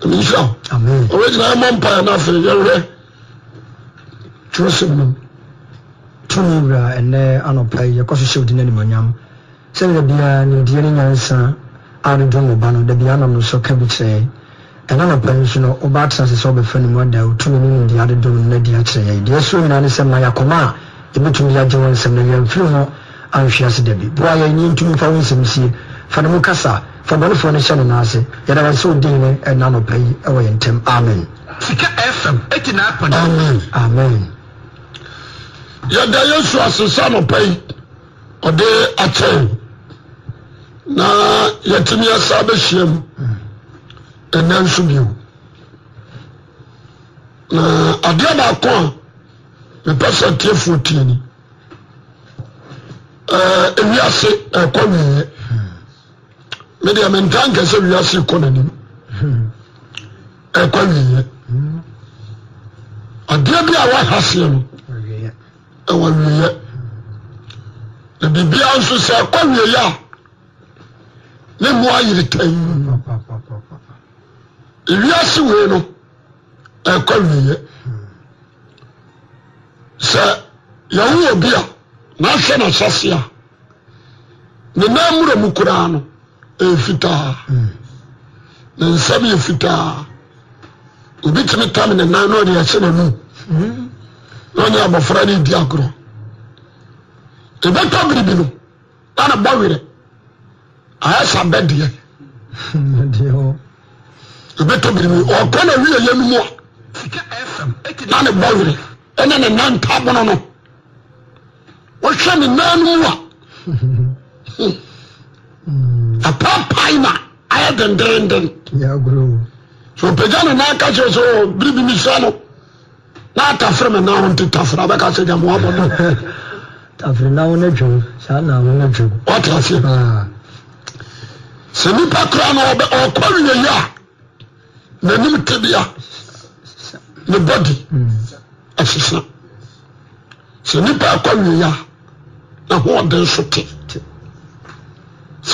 ɛmɛnhyira ɔwɔ nyinaa mpa yɛn afei yɛwerɛ twerɛsɛm nom tumi wura ɛnɛ anɔpa yi yɛkɔ hyehyɛ odi n'animonyam sɛdeɛ bia nimdeɛ ne nyansa a ne dom ba no dabi anam no so ka bi kyerɛ ɛna anɔpa yi nso no woba atena sɛ sɛ wobɛfa ne mu ada wo no nimdeɛ ade no adi akyerɛ yɛ deɛ so nyinaa ne sɛ ma yɛakɔma a yɛbɛtumi de wɔ nsɛm no yɛmfiri ho anhwe ase da bi boa yɛ ne yɛntumi wo nsɛm sie fa ne mu kasa fa bɔnefoɔ no hyɛ no no ase yɛda wa sɛ wodin ne ɛna nɔpa yi ɛwɔ yɛ ntam amen sika fm ɛti na apɔ amen amen yɛda yesu asesa nɔpa yi ɔde akyɛn na yɛtumi asa bɛhyia mu ɛnɛ nso bio na adeɛ baako a mepɛ sɛ tiefoɔ tie ni ɛɛ ewiase ɛkɔ wieyɛ me deɛ mentaa nkɛsɛ wiase kɔ n'anim e ɛkɔ wieɛ adeɛ bi a wahaseɛ no ɛwɔ wieɛ na biribiara nso sɛ ɛkɔ wieɛ a ne mmoa yere tan ewiase wei no ɛkɔ wieɛ sɛ yɛwo obi a n'ahyɛ n'ahyɛse a ne nan mmura mu koraa no ɛyɛ fitaa ne nsɛm yɛ fitaa obi tumi tam ne nan na ɔde ahyɛ n'anum na ɔne abɔfra no di agorɔ ɛbɛtɔ biribi no na ne bɔ werɛ ayɛ sa bɛdeɛ ɛbɛtɔ biribi ɔkɔ na wiyɛ yɛ no a na ne bɔ werɛ ɛne ne nan ntabono no wɔhwɛ ne nan no a apapai na ayɛ dendenden so ah. pagya ne na ka kyerɛ sɛ biri bi mesua no na atafere me na wo nte tafere abɛka sɛ gyamoabɔ no tafere na wo no dwom saa na wo no dwom wɔte aseɛ sɛ nipa kora na ɔkɔ wiei a n'anim tebea ne body hmm. asesa sɛ nipa akɔ wiei a na ho ɔden so te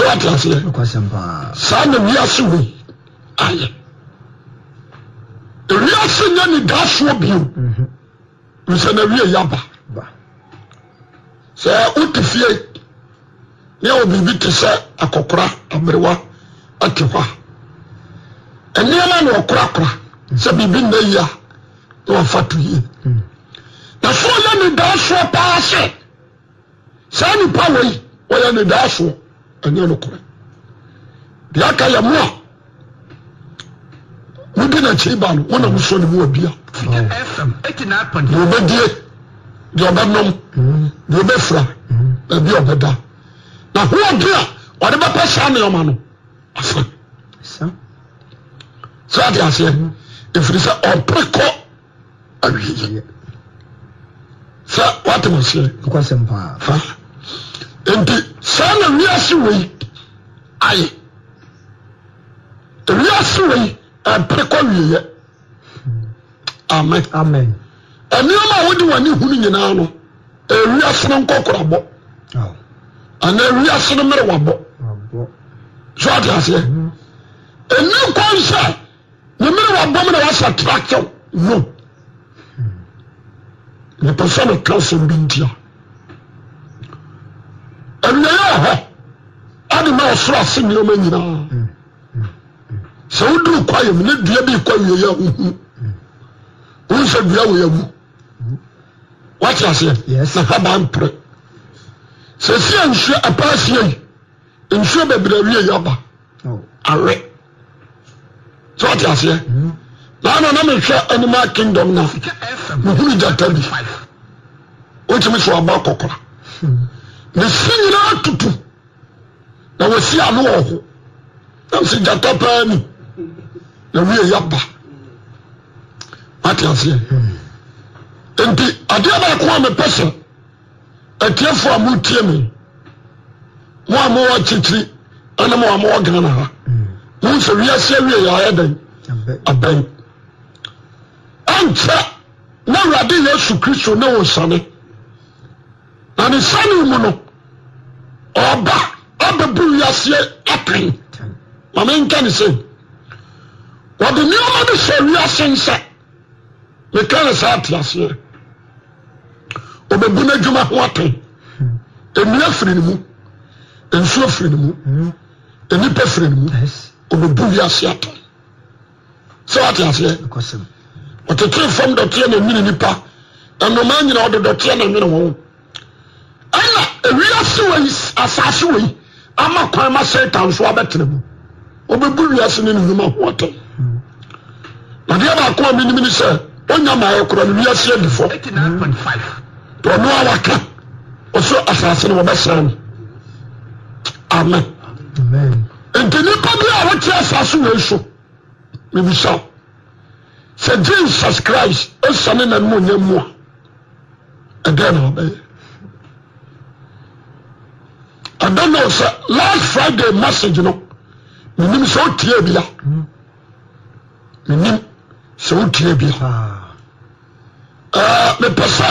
wate aseɛ saa na wiase wei ayɛ ewiase nyɛ nidaasoɔ bio nsɛ na wie yaba sɛ wote fie ne ɛwɔ biribi te sɛ akɔkora amerewa ate hɔ a ɛnneɛma na ɔkorakora sɛ biribi nna yi na wɔfa to yie na so ɔyɛ nidaasoɔ paa sɛ saa nipa wei ɔyɛ nidaasoɔ ɛnyɛ no korɛ deɛ aka yɛ mo a wodi n'akyi ba no wona wosɔ ne mu wa bia deɛ ɔbɛdie deɛ ɔbɛnom deɛ ɔbɛfira baabi a ɔbɛda na hoɔde a ɔde bɛpɛ saa nneɛma no afa sɛ ade aseɛ ɛfiri sɛ ɔpere kɔ awieɛ sɛ woatem aseɛ fa enti saa na wiase wei ayɛ wiase wei ɛpere kɔ wieɛ amen amen nneɛma a wode w'ani hu no nyinaa no ewiase no nkɔkorabɔ anaa ewiase no mmerewabɔ so ate aseɛ mhm. ɛni kwan sɛ ne mmerewabɔ mu na wasa trakyew no mepɛ hmm. sɛ meka sɛm bi ntia awia hɔ ade ma ɔsoro ase nneɛma nyinaa mm, mm, mm, sɛ woduru kwaeɛ mu ne dua bi kɔ awia yɛ huhu wonsɛ dua wɔ yɛ mu wate aseɛ na haba mpere sɛ sie nsuo apaaseɛ yi nsuo bebree awie yɛ aba oh. awe sɛ wate aseɛ naana na mehwɛ animal kingdom no mehunu gyata bi wotumi so aba kɔkora ne si nyinaa tutu na wasi ano wɔ ho nam sɛ gyata paa mu na wie yɛba mate aseɛ nti adeɛ baako a mepɛ sɛ atiefoɔ a motie me mo a mowɔ kyikyiri ɛne mo a mowɔ ghana ha mo sɛ wiaseɛ wie yɛayɛ dɛn abɛn ɛnkyɛ na awurade yesu kristo ne wo nsane na ne sane mu no ɔba abɛbu wiaseɛ apɛn mama nka ne sɛ wɔde nneɛma bi hyɛ wiase nsa meka ne saa ate aseɛ ɔbɛbu n'adwuma ho apɛn nnua firi ne mu nsuo firi ne mu nnipa firi ne mu ɔbɛbu wiase apɛn sɛ wate aseɛ ɔtetee fam dɔteɛ na nwene nipa ɛnoma nyina ɔde dɔteɛ na nwene wɔn ɛna ewiase wɔ yi asase wei ama kwan ma satan so abɛtena mu ɔbɛbu wiase ne ne nnwuma ho ɔtɔ nadeɛ baako a menim ne sɛ ɔnya maayɛ kora no wiase adi ɔno a waka ɔso asase no wɔbɛsra no amen nti nnipa bi a wɔte asase wei so mebisa sɛ jesus christ ɛsane na nomonyam mu a ɛdɛn na ɔbɛyɛ I don't know last Friday message no menim sɛ wotie bia menim sɛ wotie bia mepɛ sɛ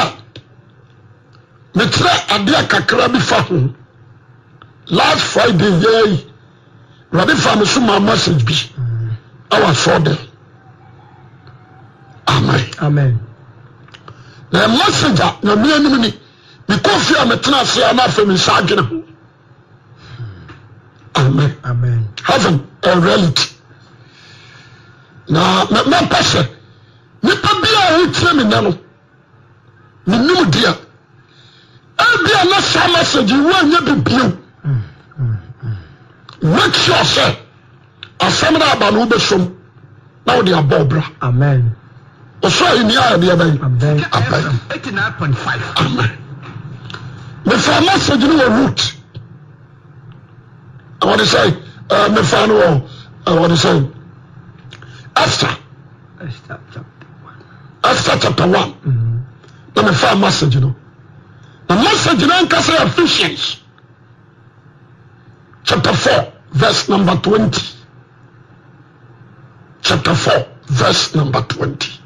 mekyerɛ adeɛ kakra bi fa ho last Friday yɛi wurade fa me so ma message bi hmm. ɛwɔ asɔɔdɛ amen amen na message a nyamea nim ni mekɔfie a metena aseɛ na afɛ me nsa adwene ho m heaven areality na mɛmpɛ sɛ nipa biaa wokyirɛ mi nnɛ no mennom dia abia no sa message rua nyɛ bibio mekuɔ sɛ asɛm da aba no wobɛsom na wode abɔɔ bra ɔsɔ ɛnia adeɛ bani5 mefa message no awɔde sɛ mɛ faa ne wɔ ɛwɔde sɛ a after chapter one na mɛfaa masagyino na masa gyinaa nkasa yɛ afficians chapte fur vers numbe twenty chapte fr vers numbe tnty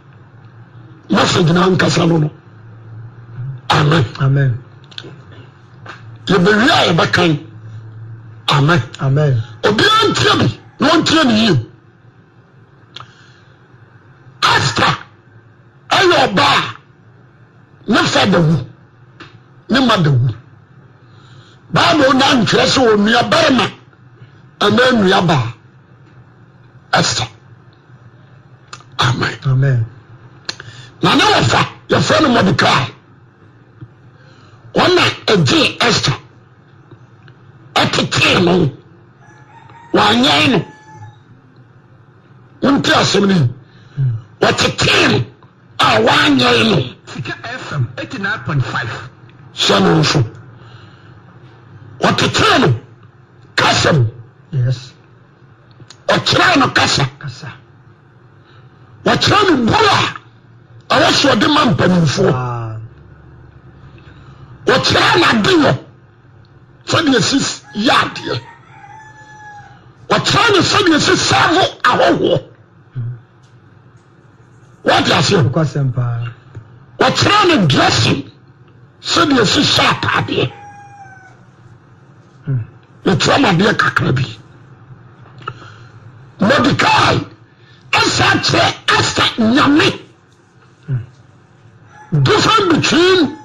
masa gyinaa nkasa no no amen obiara ntia bi na wọn ntia ne yie asta ɛyɛ ɔbaa ne fa da wu ne ma da wu baabu na ntwerɛ sɛ wɔ nua barima anaa nua baa asta amen amen na ne wɔfa yɛfrɛ no mɔdekaa wɔn na ɛgyee esther ɛkekere no wanyɛn no wonte asɛm no yi wɔkekere no a wanyɛn no sɛ no nso wɔkekere no kasa mu ɔkyerɛ no kasa wɔkyerɛ no buru a ɛwɔ so ɔde ma mpanimfoɔ ah. wɔkyerɛ no ade wɔ sɛdeɛ sisi yɛ adeɛ wɔkyerɛ no sɛdeɛ sɛ sɛvo ahɔhoɔ wode aseɛ wɔkyerɛ no dressing sɛdeɛ sɛ hyɛ ataadeɛ hmm. mekyerɛ madeɛ kakra bi mɔdekae ɛsa kyerɛ asta nyame hmm. different between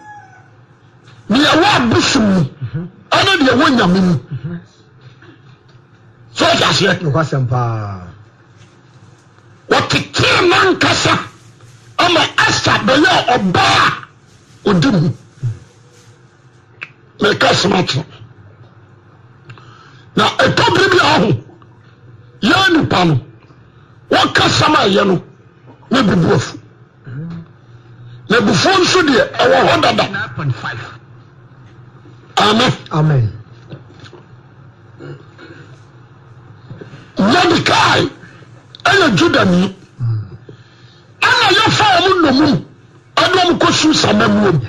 neɛwɔ abosom mu mhm ɛne deɛ ɛwɔ nyame mu sɛ ɔte aseɛ wɔtetee nankasa ama ɛsa bɛyɛ ɔbaa a ɔdi mu meka sɛm akyerɛ na ɛtɔ bere bi aho yɛa nipa no wɔka sam ayɛ no na bibu afu na abufuo nso deɛ ɛwɔ hɔ dada amen. amen. Mordecai ɛyɛ Judani ɛna yɛfa ɔmo nomum ɛna ɔmo kɔ su samamuom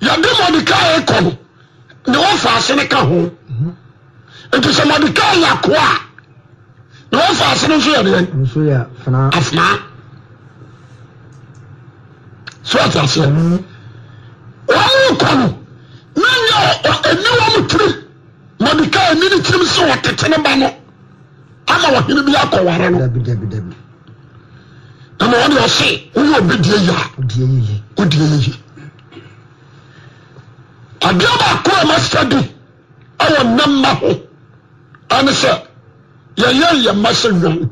yɛde Mordecai kɔ no ne wɔfa ase ne ka ho nti sɛ Mordecai yɛ akoa a na wɔfa ase no nso yɛ deɛ afenaa so ate aseɛ wɔn kɔ no ɛni wɔn mu tirim mɔdika ɛni ni tirim sɛ wɔtete ne ba no ama wɔhene bi akɔware no ɛna wɔde ɔse woyɛ obi die yia odie yiye adeɛ baako a ma masa di ɛwɔ nnɛmma ho ɛne sɛ yɛyɛ yɛ mma sɛ nnwan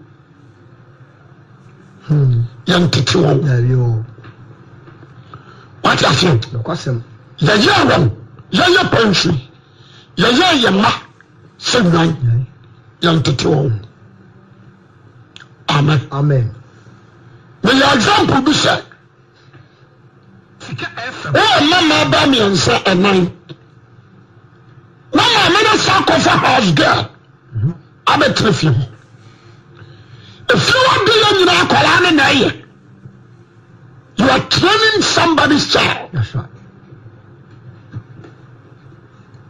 hmm. yɛntete wɔn wate aseɛ yɛyɛ wɔn yɛyɛ pantwi yɛyɛ yɛ mma sɛ nwan yɛnteteho ame meyɛ example bi sɛ oɛ mama ba miɛn sɛ ɛnan nama mɛne sa kɔ fa has gil abɛtera fie hɔ ɛfwa biya nyinaa kara ne na ɛyɛ youare kraning somebody schar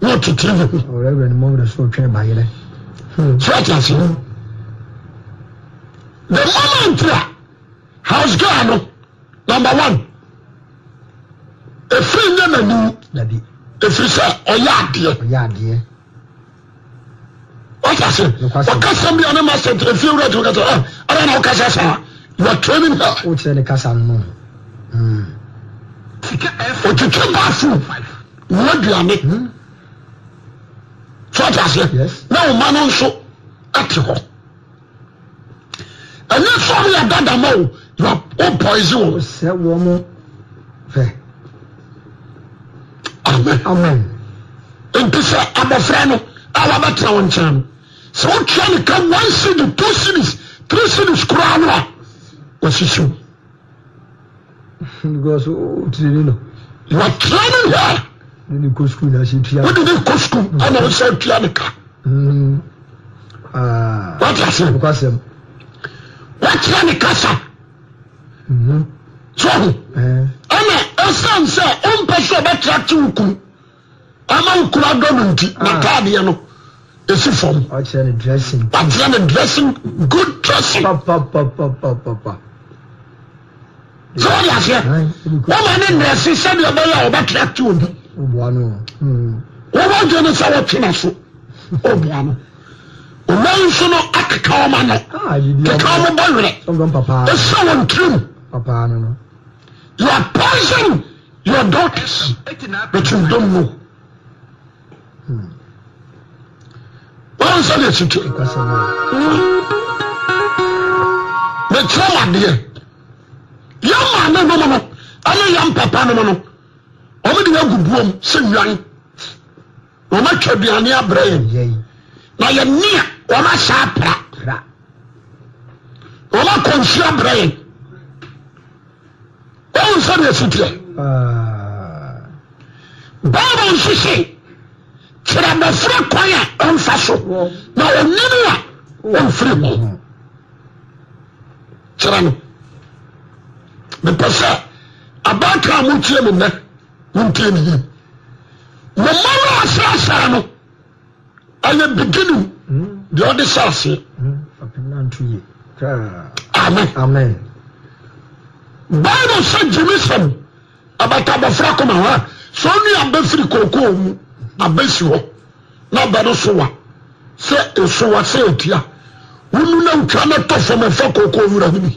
na ɔtetere ne ho so ate ase no the moment a house girl no number one efiri nye n'anim efiri sɛ ɔyɛ adeɛ ɔte ase ɔkasa bi a ne ma sɛ efiri wura ti ɔkasa ɛ ɛna na ɔkasa saa you are training her. o kyerɛ ne kasa nù. otitɛ baafo wɔduane. sotseɛ nɛ woma no nso ɛti hɔ ɛne nsɔro yɛgada ma o opɔse wo nto sɛ abɔfrɛ no ɛwabɛtera wo nkyera no sɛ wotua no ka on sed t seres tre sires koraano a wasisi uh, wwa ne de ko sukuu na se tuya. o de de ko sukuu ɛna o sɛ tuya ne ka. wati asem. o ka sɛm. wati ya ne ka sa. sɔɔni. ɛna ɛsan sɛ o mpɛ sɛ ɔbɛ tira ti o kun ama o kura dɔ no nti na taadeɛ no esi fam. ɔkyerɛ ne dressing. ɔkyerɛ ne dressing good dressing. papapapapapa. sɔɔni aseɛ wɔn ma ne nɛɛsi sɛbi ɔbɛyɛ a ɔbɛ tira ti o bi. ɔmagye no sɛ wotwena so oboa no ɔma so no akeka woma nokekaɔɔwerɛɛsɛ wɔtirem yoa person yo dahters ɛimdnde ɛkyerɛmdeɛ yamaane nomunoɛneyampapa nmun ɔmɛdena agu buom sɛ nwan ɔmatwaduane abra yɛn na yɛnea ɔma saa prara ɔmaakɔnsua bra yɛn ɔr nsade asipia bible nsehwe kyerɛ bɛfrɛ kɔn a ɔmfa so na ɔnino a ɔmfiri hɔ kyerɛ no epɛ sɛ abatramɔtie memɛ wontie ne yie wɔma no asrasra no ɛyɛ beginning deɛ ɔde sɛ amen bible sɛ gyimi sɛm abata abɔfra kɔma hɔ a sɛ ɔnua abɛfiri kookoo mu abɛsi hɔ na abɛde sowa sɛ ɛsowa sɛ ɛtia wonu na wotwa no tɔ fam kookoo wura no bi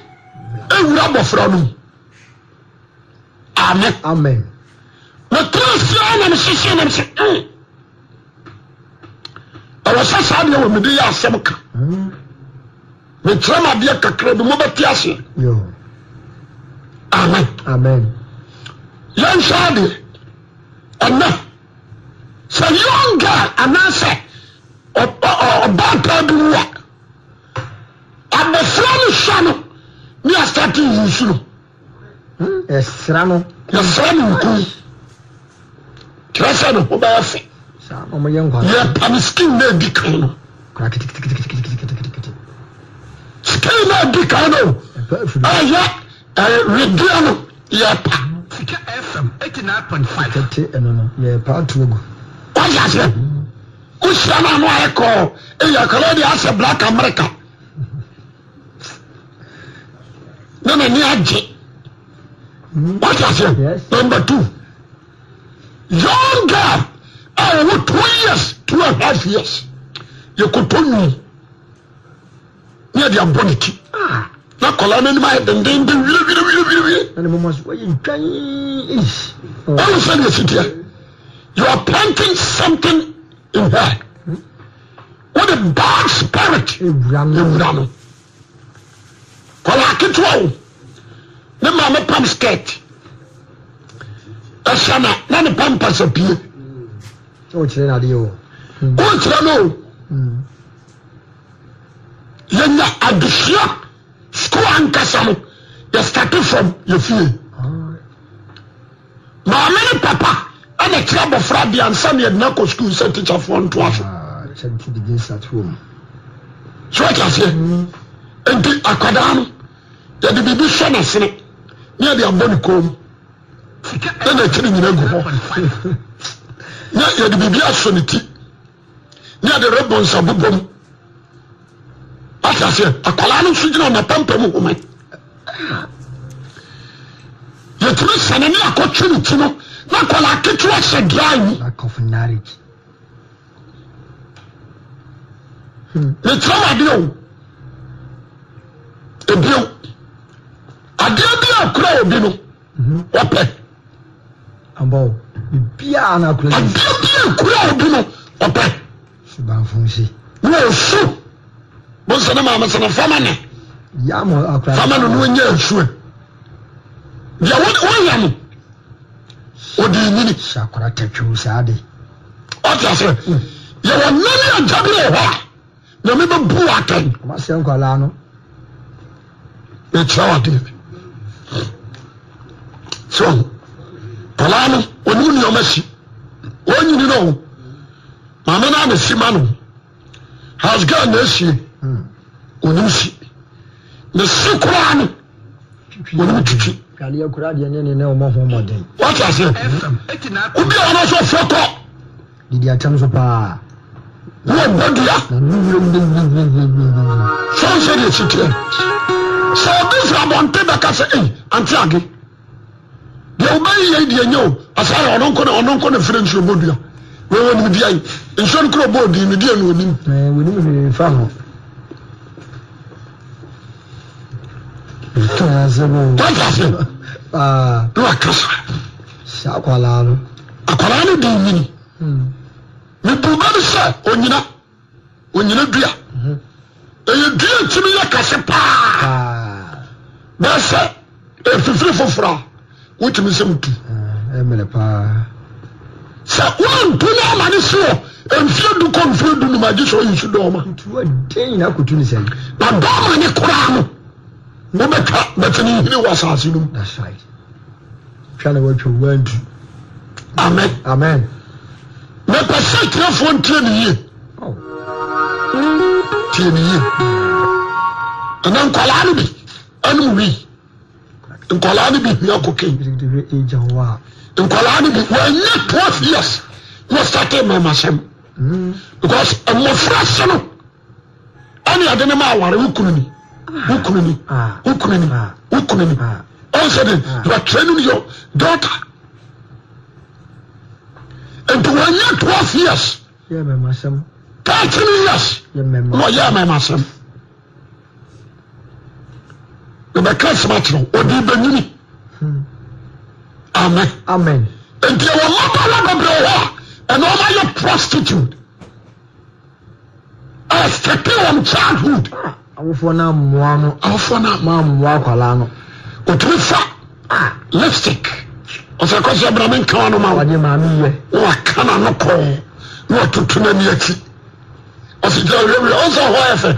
wura abofra nom amenaen metri sira namesese namse mm. ɛwɔsɛsa deɛ wɔ mede yɛ asɛm ka mekyerɛma deɛ kakra bi mobɛtease aaen yanhya deɛ ɛna sɛ yonga anasɛ ɔbapa dumu a abofra no swɛno a ní asate wù sùn. ẹsẹ̀rẹ̀ nù. ẹsẹ̀rẹ̀ nù nkú tẹ̀sẹ̀ nù kó bá yà fẹ́. yẹ pàmì skin náà di kan nù. skin náà di kan nù. ẹ yẹ ẹ rìndíà nù yẹ pa. Sika FM eighty nine point five. Kẹ̀kẹ́ ẹ̀nu nù yẹ pa àtúwògù. Wáyà sẹ́, ó ṣe é náà nù ayẹ kọ́ ẹ̀yà kọ́lẹ́ di àṣẹ Black America. nenene aye tɛ number t yonga awo t years thal years yɛktɔ ni neadeabɔniti nakɔl no ni yɛdendnd sɛdeasid youare panking something in hr wode bad spirit kɔraaketea o ne maame pam skit sana na ne pampasa pie koɔkyira hmm. no o hmm. yɛnya adusua scol ankasa no yɛ starte from yɛ fie ah. maamene papa ana kyerɛ bɔfrɔ deansaneyɛdenakɔ skuul sɛ tekhefoɔ ntoasosɛ yɛde biribi hyɛ ne sene ne yɛde abɔ ne kɔn mu ne n'akyiri nyina gu hɔ na yɛde biribi asɔ ne ti ne yɛde rebɔ nsa bobɔ mu ate aseɛ akwadaa no nso gyina ɔnapampa mu home yɛtumi sane ne akɔtwe ne ti no na akwadaa ketewa hyɛ draa yi mekyerɛ wadeɛ o ebio akura obi no ɔpɛ mhm. abawo bibia na akura obi adeɛ bia akura obi no ɔpɛ subanfo nsi na osu bonsa ne maame sɛnɛ fama ne yamu akura fama ne no nye nsuo deɛ wɔyɛ no odi nyini sakura tɛtwiw saa de ɔte asɛ mm. yɛwɔ nane agya bi wɔ hɔ a nyame bɛbu atɛn ɔma sɛ nkwalaa no ɛkyerɛ wɔ adeɛ bi kyerɛ wo ɔlaa no ɔnim nneɔma si ɔnyini no wo maame no ana si ma no hasgal na asie ɔnim si ne se koraa no ɔnim twitwi wate aseɛ wobi a ɔno so fɔtɔ wobadua sɛ nsɛ deɛ siteɛ sɛ ɔde sra bɔnte bɛka sɛ ei ante age deɛ wobɛyi yɛ deɛ nyɛ o asara ɔno nkɔ ne ɔno nkɔ ne fere nsuo bɔ dua wɔwɔ nim dia yi nsuo no koro bɔ di ne deɛ no onim. ɛɛ wɔnim fa ho. ntɔn asɛm o. tɔn asɛm. aa ne wa kasa. si akwalaa no. akwalaa no di nyini. mebuba no sɛ onyina onyina dua ɛyɛ dua tumi yɛ kase paa bɛɛ sɛ ɛfifiri foforɔ a wotumi sɛ wotu ah, sɛ woantu no ama ne soɔ mfie du kɔ mfie du nomagye sɛ ɔyi so dɔɔma na dɔɔma ne koraa no na bɛtwa bɛtene nhini wɔ asase no mu amen mepɛ sɛ kyerɛfoɔ ntie ne yie oh. tie ne yie ɛna nkwalaa no bi ɛnom wei nkɔlaa ne bi hia kokain nkɔlaa ne bi wɔanya twelve years na sate mmɛmasɛm because mmɔfra se no ɛne ɛde ne ma aware wo kunu ni wo kunu ni wo kunu ni wo kunu ni all of a sudden you are training your daughter nti wɔanya twelve years thirteen years na ɔyɛ mmɛmasɛm yɛbɛka asɛm akyerɛ ɔde bɛnyini amen nti ɛwɔ mmabaawa bebree hɔ a ɛna ɔma yɛ prostitute ɛsɛke wɔn childhood ah, awofoɔ no amoa no awofoɔ ah. no ma mmoa akwaraa no ɔtumi fa lipstick ɔsɛ kɔsɛ abrame nka wa no ma wɔde maame yɛ na waka na no kɔɔ na watoto no akyi ɔsɛ gya wiawia ɔnsɛ hɔ ɛfɛ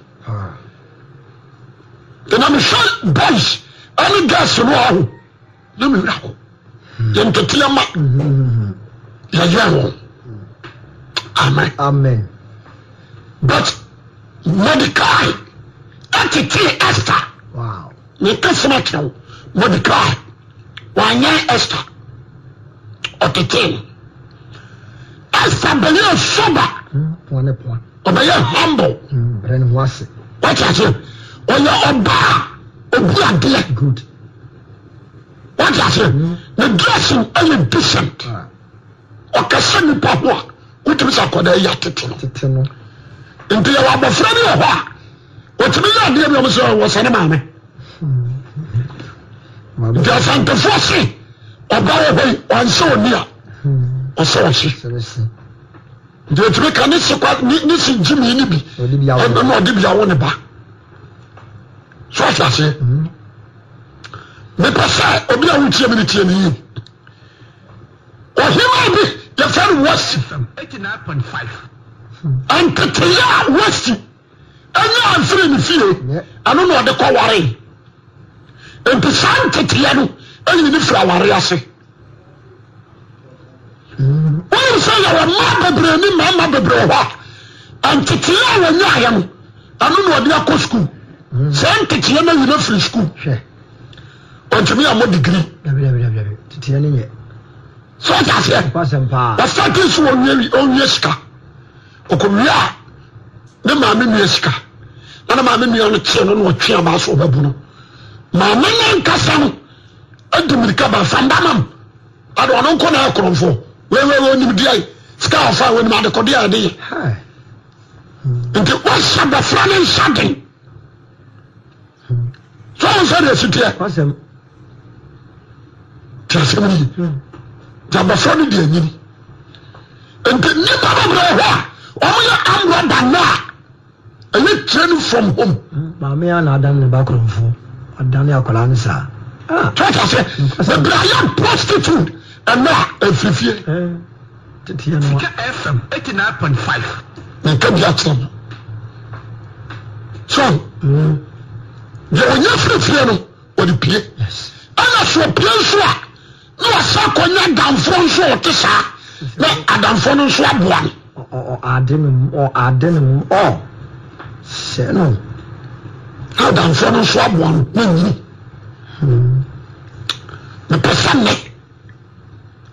enamso boc ami gas nuao nem r yentetilema yeye amn amen but modicae atite aster mekesim ke modica waye ester otiten ester besoba obeye humbl bns wat ɔyɛ ɔbaa obi adeɛ wati ase ne dressing ɛyɛ decent ɔkɛse nipa ho a wotumi sɛ akɔda ɛyɛ tete no nti yɛwɔ abɔfra hmm. hmm. bi wɔ hɔ a wɔtumi yɛ adeɛ bi a wɔsɛ wɔsɛ ne maame nti asantefoɔ se ɔba wɔ hɔ yi ɔnsɛ oni a ɔsɛ ɔhye nti ɛtumi ka ne se kwa ne se gyimi ne bi ɛno na ɔde bi awo ne ba. sɛayeɛ mepɛ sɛ obi a wontiami no tiɛ neyi ɔhemaa bi yɛfɛ no wasti5 nteteɛ a wasti anyaamfirene fie ɛnonoɔde kɔwaree npisa nteteɛ no ayine firi ware ase om sɛ yɛwɔ ma babreni mama babrɛe hɔ a nteeɛ a anyayɛ no ɛnonɔde akɔ sucul saa nketeɛ no werɛ firi skul ɔntumi a mɔ digiri so ɔte aseɛ ɔsate so ɔnwie sika ɔkɔwie a ne maame nua sika na ne maame nua no kyeɛ no na ɔtwe ama so ɔbɛbu no maame no nkasa no adi mirika baasa mbamam ade ɔno nkɔ na ɛkorɔmfo wewewe nimdeɛ sika ɔfa wenim adekɔdeɛ ɛdeyɛ nti wɔhyɛ bɛfra ne nsa den sáà nsá de sitiɛ tí a sɛm yi tí a bɔfra no di enyim nti nípa bàbá ɛhɔ a wɔn yɛ amúra dáná a ɛyɛ train from home. maame yà nà adam ní ba kurunfo adam ní akwadaa ní sá. tọ́ka sẹ bẹ̀rẹ̀ ayé prostitute ɛnna efifie. titi yẹn wa fm eighty nine point five. nǹkan bí a kyerɛ mu so deɛ ɔnyɛ firifiri no ɔde pie ɛna sɛ ɔpie nso a na wasa akɔnya adamfoɔ nso a ɔte saa na adamfoɔ no nso aboa no. ɔade ne mu ɔade ne mu ɔ hyɛ no. adamfoɔ no nso aboa no na nyini mepɛ sɛ nnɛ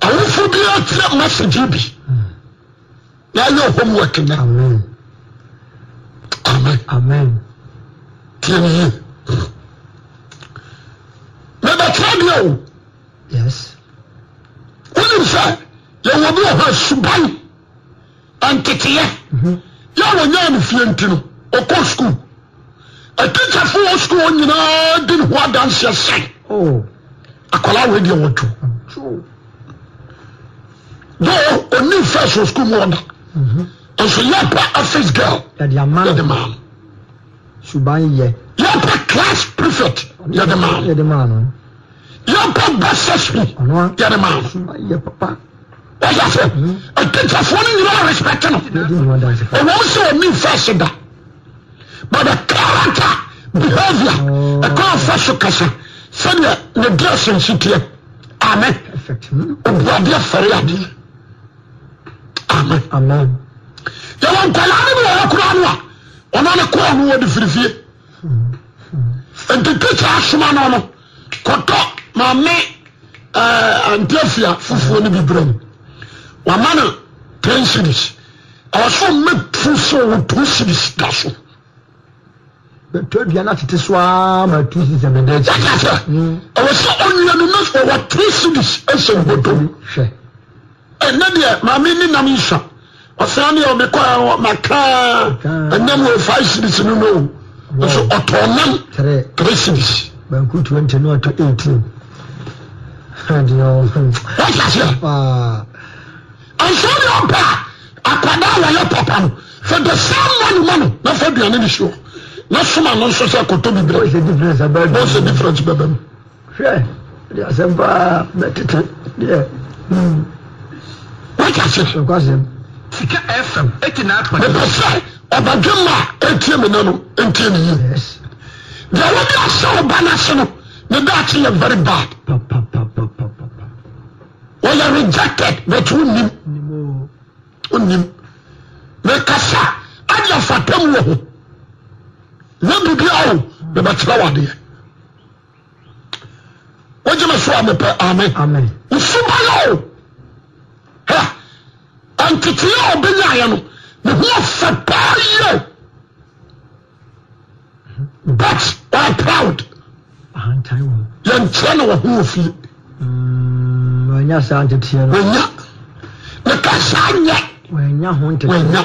awofo bi akyerɛ masage bi na ɛyɛ homework nnɛ amen amen tie ne yie mebɛka deɛ o wonim sɛ yɛwɔ bi wɔ hɔ suban ɛnteteyɛ yɛ wɔnyaa no fie mm-hmm. nti no ɔkɔ skul atikyafo wɔ skul hɔ nyinaa di ne ho adanseɛ sɛn akwala wei deɛ wɔdwo dɛ ɔnim first wɔ skul mu ɔda nso yɛ pa office girl yɛde ma no suban yɛ pɛ class prefit yɛdma yɛpɛ bosesi yɛde ma no yasɛ ɛketafoɔ no nyiraa respect no ɔwɔm sɛɔme fase da bye karater behavior ɛkafa sokesa sɛdeɛ ne deɛ sensiteɛ ame obuadeɛ fareade yɛwɔ nkwala ne bi wɔwɔkoraa no a ɔnane kɔɔ nowɔde firifie nti peter asoma no no kɔtɔ maame eh, antiafia fufuo no mu wama no ten series ɛwɔ so tu so bɛtɔ so ma two series ɛmɛdɛ akyi yɛka sɛ ɔnua no na ɔwɔ two series ɛsɛ mu hwɛ deɛ maame ne nam nsa ɔsan deɛ no three three series banku twenty no to eighteen ɛdi ɔn. ɛdi ase ɛnso ni ɔbɛ akwadaa yɛyɛ papa no for the same money money na fɛ aduane ni sure na suma no nso sɛ koto bibire. Hmm. o se difference bɛɛ bɛ mu o se difference bɛɛ bɛ mu. hwɛ ɛdi asɛm paa bɛ tete deɛ. ɛdi ase ɛkɔ asɛm. sika fm eti na akpa. mepɛ sɛ ɔbɛdwe ma etie mi nanu etie mi yi. de awɔde asɛwo ba nese no nedɛ kyelɛ very bad ɔyɛ rjected bt on mekasa ayafatamuwa ho na bibiao bɛbɛkyerɛ woadeɛ wogyemɛsomɛ me nsoba yɛo ntiteɛɔbɛnyayɛ no ehofa paayɛ but mm, are proud yɛnkyerɛ no wɔ ho wɔ fie wɔnya saa nteteɛ no wɔnya ne ka saa nyɛ wɔnya ho nteteɛ wɔnya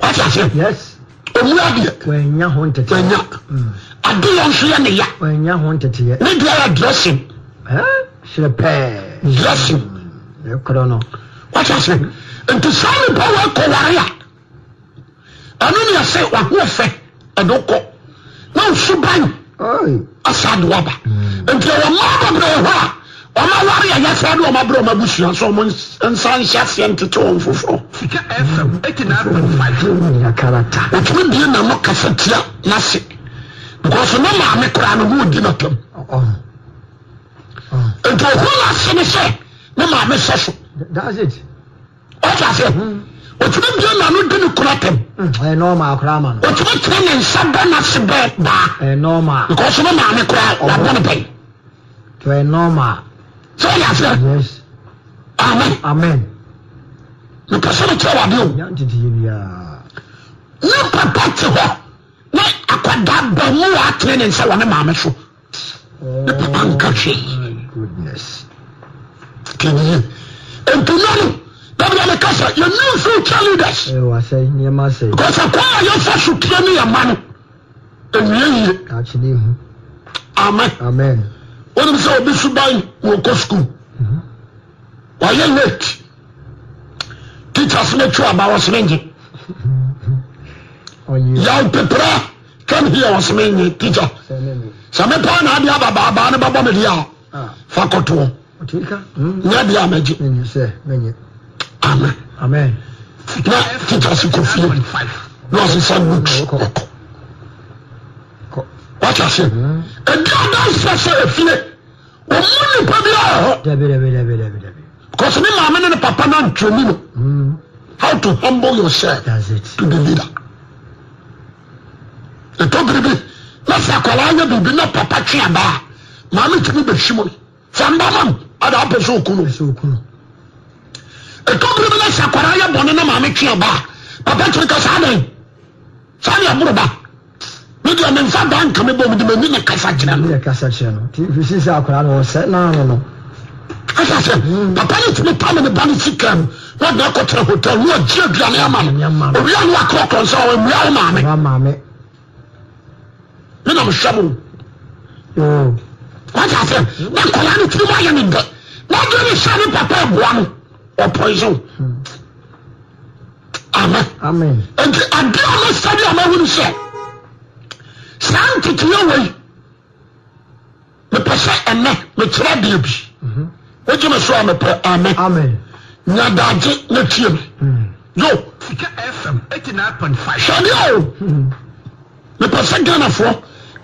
wɔte aseɛ yes ɔmu adeɛ wɔnya ho nteteɛ wɔnya adeɛ nso yɛ ne ya wɔnya ho nteteɛ ne deɛ yɛ dressing hyerɛ pɛɛ dressing ɛkorɔ no wɔte aseɛ nti saa nipa wɔkɔ ware a ɛno ne yɛ sɛ wahoɔ fɛ ɛde kɔ na nso ban asa de waba nti ɛwɔ mmaa bebree hɔ a ɔma wari ɛyɛ fɛ de ɔma bere ɔma busua nso ɔmo nsa nhyɛ aseɛ ntete wɔn foforɔ. sika ɛsɛm eki na abɛn fayi. otumi bie na mo kasa tia n'ase because ne maame koraa no ho di na tam nti ohun ase ne sɛ ne maame sɛ so ɔtɔ ase. Mm ɔtumi bie na no di ne kora tɛm ɔtumi tena ne nsa bɛ nase bɛ daa nkɔso no maame kora wabɔ ne bɛn sɛ ɔyɛ Yes. amen Amen. mepɛ sɛ mekyerɛ wade o ne papa te hɔ na akwadaa ba mu waatene ne nsa wɔ ne maame so ne oh papa My goodness. kɛneye ɛntu no no dabi ale kasa yɛ new future leaders. ɛ wa sɛ nneɛma sɛ. kɔsɛ kɔn a yɛfa sotia ni yɛ ma no ewia yie. k'akyi ne hu. amen. amen. wọ́n mi sɛ obi suban wò kó sukuu wàyɛ late teachers ne tu aba wɔ sinmi yaw pepere come here wɔ sinmi teacher sami paa na adi aba baabaa ne ba bɔ mi di yan ah. fa kɔtɔ nyɛ di yan mɛ gye amen Amen. na titasi kò fie na ọsísá books ọkọ wàtí ase ẹdí ọdọ nsẹsẹ efie ọmú nípa bi a họ kọsí ní maame ní papa náà ntúrọ mi nù hmm. how to humble yourself to the leader ètò biribi na sẹ akwara anya biribi na papa twi abaa maame tí mi bẹ si mu ni sẹ mbà mam ada apẹ sọ okunu ɛtɔbiri bi na sɛ akwadaa yɛ na maame twe ɔbaa papa tiri ka saa dan saa yɛ boro ba ne deɛ ne nfa dan nkame bɔ mu de mɛmi ne kasa gyina no. ne kasa kyerɛ no ti fi sisi akwadaa no ɔsɛ naanu no. kasa sɛ mm. papa ne tumi pa ne ne ba ne si kira no na de akɔ hotel wo agye aduane ama no obi a no akorɔkorɔ nsa wɔ emu awo maame ne nam hyɛ mu. wata sɛ na akwadaa no tumi mu ayɛ ne dɛ na ɔde ne hyɛ ne papa ɛboa pse ame enti adiono stadi ama wonu se saa ntiteye wei mipɛ sɛ me me tera dea bi wejeme soa meprɛ ame yadade na tiem yo5sadio mepɛ sɛ granafo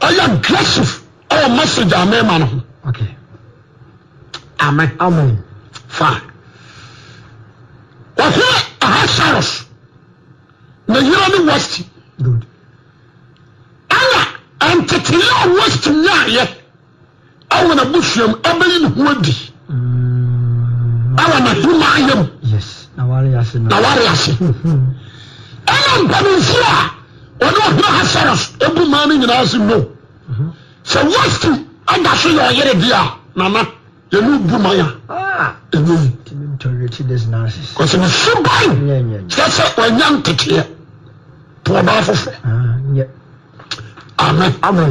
ɔya grassif a mhm. mhm. message amema nehoamefa wɔhwɛ ahasaros na mm. yera ne mm-hmm. west ana nteteyɛ a west nyaayɛ awa na busuam abɛyi ne ho adi awa na homa ayam na ware ase ɛna mpanimfo a wɔne ɔhene ahasaros abu maa no nyinaa se no sɛ west ada so yɛ ɔyere deɛ a nana yɛne bu ma ya ah. sn suban yeɛ sɛ woanyan teteɛ towɔbaa fofo ah, amɛ ana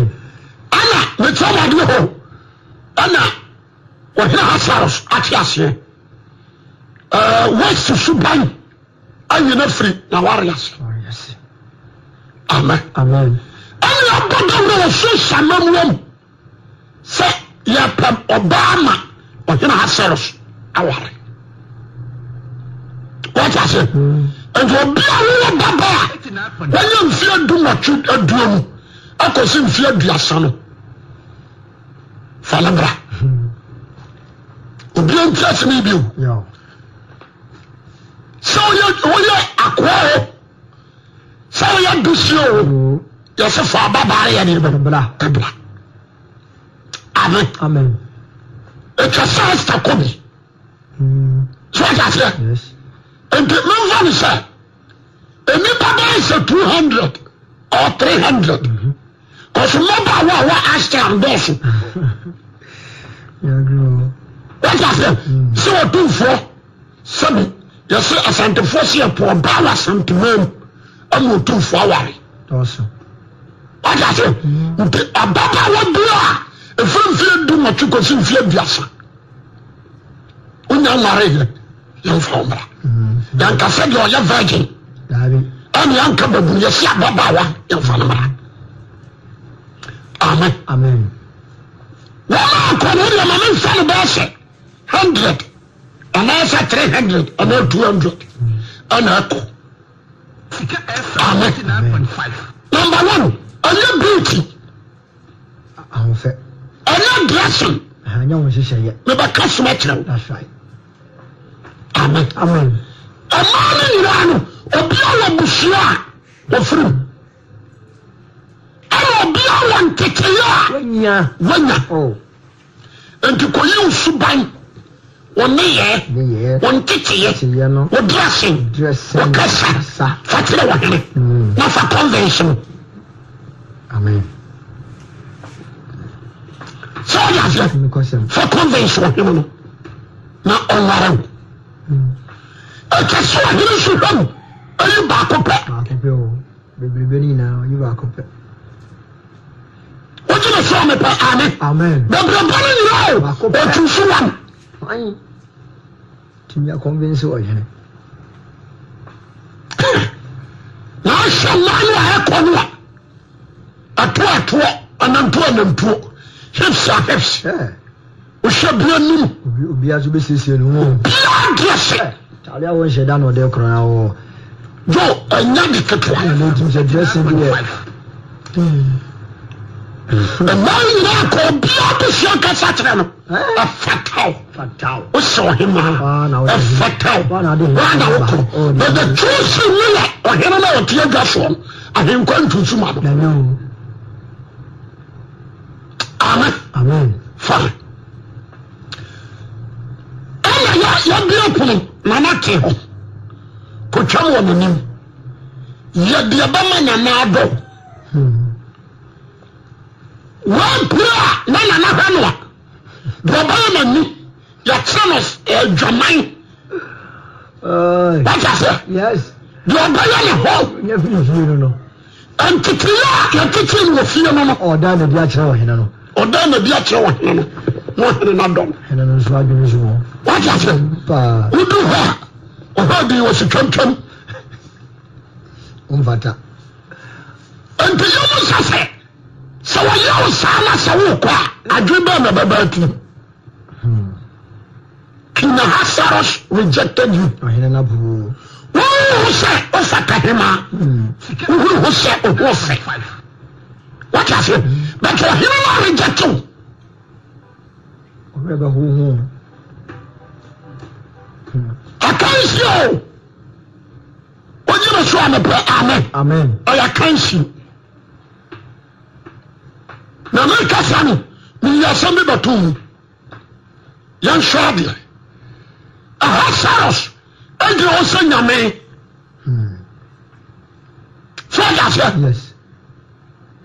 metiabadeɛ ho ana wɔhera hasaros ate aseɛ eh, wase suban ayena firi na woarease am ɛne ɔbɔdono ɔsosamamuom sɛ yɛpam ɔbaa ma ɔhena hasaros aware wọ́n ase nti obi a wọ́n yẹ daba a wọ́n yẹ nfi adumatu adua mu akọsi nfi aduasa no falabra obi a nti ase mi bi o sẹ wọ́n yẹ wọ́n yẹ akwa o sẹ wọ́n yẹ dusi o yẹ sẹ fọ ababaayi yẹ ni ebira ebira amen etwa sáà sẹ kọ bi sọ́jà seɛ nti mẹ́fà ni sɛ nípa bẹ́ẹ̀ sɛ two hundred or three hundred mm-hmm. kòsì mọ́bà wà wà ashton dọ́ọ̀sì sọ́jà seɛ sɛ wọ́n tún fọ́ sẹ́bi yɛsɛ asantefoɔ si yɛ pɔ baala santemam ɛna otumfoɔ aware ɔda sɛ nti ababaawa bi a ɛfiri mfie du nwɔtwe kɔsi mfie aduasa wa eye kym akomsnbse undred ne th undred nt hundd ank nub oe yebt nse eks e amen Amen. ɛmaa no nyinaa no obia wɔ busua a wɔfiri mu ɛna obia wɔ nteteyɛ a wanya oh. nti kɔyi osuban wɔne yɛ Dressing. wɔdrɛsen wɔkasa fa kyerɛ wɔhene mm. na fa convention sɛ wɔde aseɛ fa convention wɔhene no na ɔnware wo atsaen s ayibakb e ae m bb t sa cnvncee ase maya kna atat anat anat e ohyɛ bia nim obia so bɛsiesie no mu bia deɛ sɛ tale a wɔnhyɛ da na ɔdɛ korɔ no wɔ jo ɛnya de ketewa na ɔtumi sɛ dressing bi yɛ mmaa nyinaa kɔ obia to hyia kasa kyerɛ no ɛfataw wosɛ ɔhema ɛfataw wana wokɔ but the true sin no yɛ ɔhene no a ɔte adwa soɔ no ahenkwa ntunsuma no amen fine na yɛabie pono nana te hɔ kotwam wɔ n'anim yɛdeɛ bɛma nana adɔ wampire a na nana hwɛ no a deɛ n'ani yɛkyerɛ no adwaman wata sɛ deɛ ɔbɛyɛ ne hɔ nteteyɛ a yɛtetee no wɔ fie no no na bi akyerɛ wɔ hene no wɔhene nadɔm wagye ase wodu hɔ a ɔhɔ de wɔ se twamtwam mfata nti yɛ wo nsa sɛ sɛ wɔyɛ wo saa na sɛ wokɔ a adwe bɛɛ na bɛbaa tim king ahasuerus rejected you wohunu ho sɛ wofata hemaa wohunu ho sɛ ohoɔfɛ wate aseɛ but ɔhene rejected rejectew akansio oyire sua me pre amen aya kansio nana kasanu miya sa be batomu ya nsuadee ahasarus angir ose ya me hmm. so lase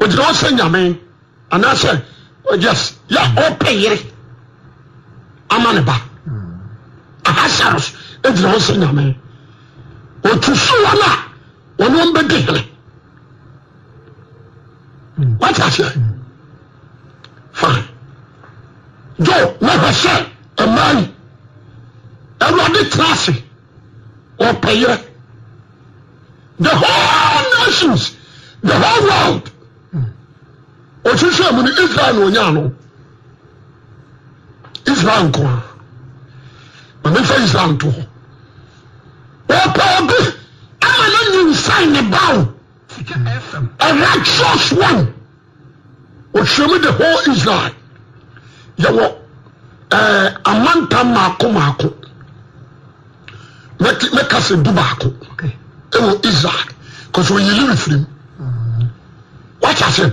ojir ose ya me andseyes ya opeyeri manba aasarus adinase yame otu suona oneobedihele watas f jo ne hese ama elode trase opeyere the whoe nations the ho world osiseamen isrl n yan israel nko maame fɛ israel nto hɔ wɔpɛ obi ama no nyinsan ne bawo a righteous one wɔhwɛ mu the whole israel yɛwɔ ɛɛ eh, amantam mako mako mɛka sɛ du baako ɛwɔ e israel kɔsɛ ɔyɛ lili firim mm-hmm. wakyɛ sɛ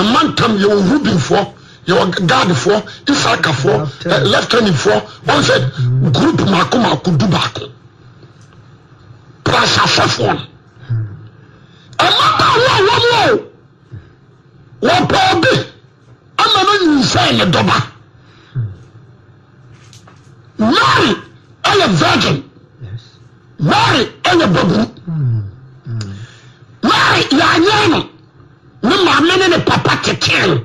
amantam yɛwɔ rubinfoɔ yɛwɔ gadfoɔ isakafoɔ leftanifoɔ eh, wɔn sɛ group mako mako du baako prasafɛfoɔ no ɛmabaawa a wɔn o wɔpɛɛ bi ama no nyinsɛn ne dɔba mary ɛyɛ virgin mary ɛyɛ babu hmm. Hmm. mary yɛanyɛ no ne maame ne ne papa tetee no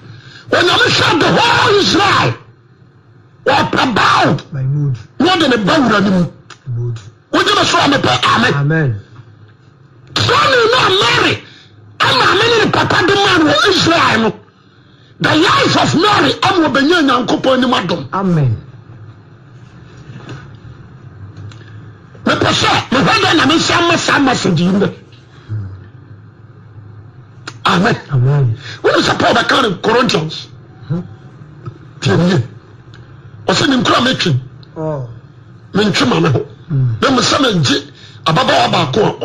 enemse te whol isrel apabo mden bawir nim wedemsa mepoame anina mary amamenen papa de mano isrel mo the yes of mary amo beyayankopo nim adom mepos ede nam sms msdi amen one sɛ paul bɛkane corinthians tdie ɔsɛ nikuro a mɛtwin mentwema me h ne mesɛmegye ababa woabaakoa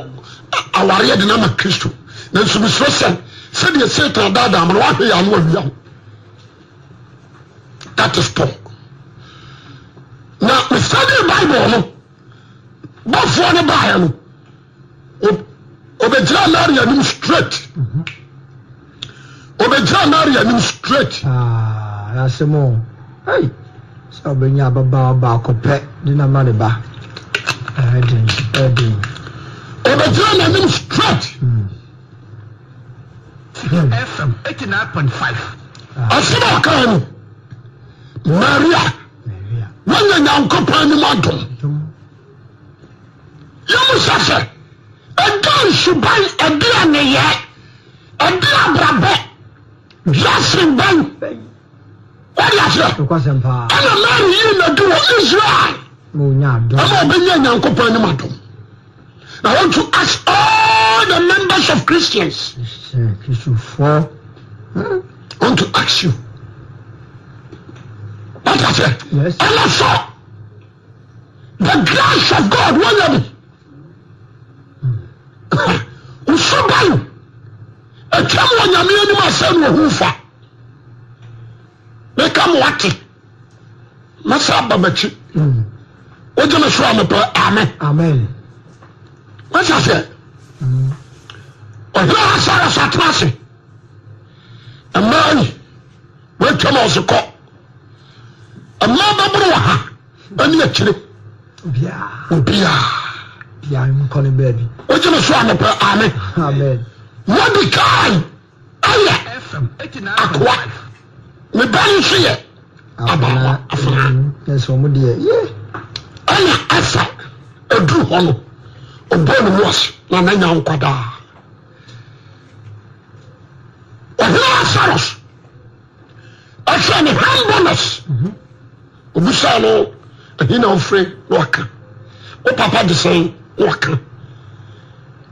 awareɛ dena ma kristo nansmsuro sɛm sɛdeɛ satan daada mno woahweyɛnoawia ho thatis pa na mstady bible no bafoɔ no baɛ no ɔbɛgyira alarianom straigt mm-hmm. yase mei sɛ obɛnya baba baakɔpɛ denamaneba obɛgyira nenim straigt5asebe akara no maria waya nyankɔpa nom adom yo mu sa se ada suba adia neye adia brabe dressing bɛn wadi aseɛ ɛna mary yi na du wɔ israel ɛma ɔbɛnya nyankopɔn anim adom na i want to ask all the members of christians hmm? i want to ask you What Yes. aseɛ ɛna sɔ the grace of god wɔnyɛ bi. senuohufa mekamo wate mesa babachi ojime suane pe ame masa mm. mm. se ohla sara su atima se amani watam osi ko ama babroohan aniachire obia ojime suanepe ame madika ayɛ akoa meba no nso yɛ abawa afena mm-hmm. ɛna asa aduru hɔ no ɔbɔ no mu ase na nanya nkwadaa ɔhene asaros ɛhwɛ ne hambonus obusaa mm-hmm. no ahina ofre na waka wo papa de sɛn na waka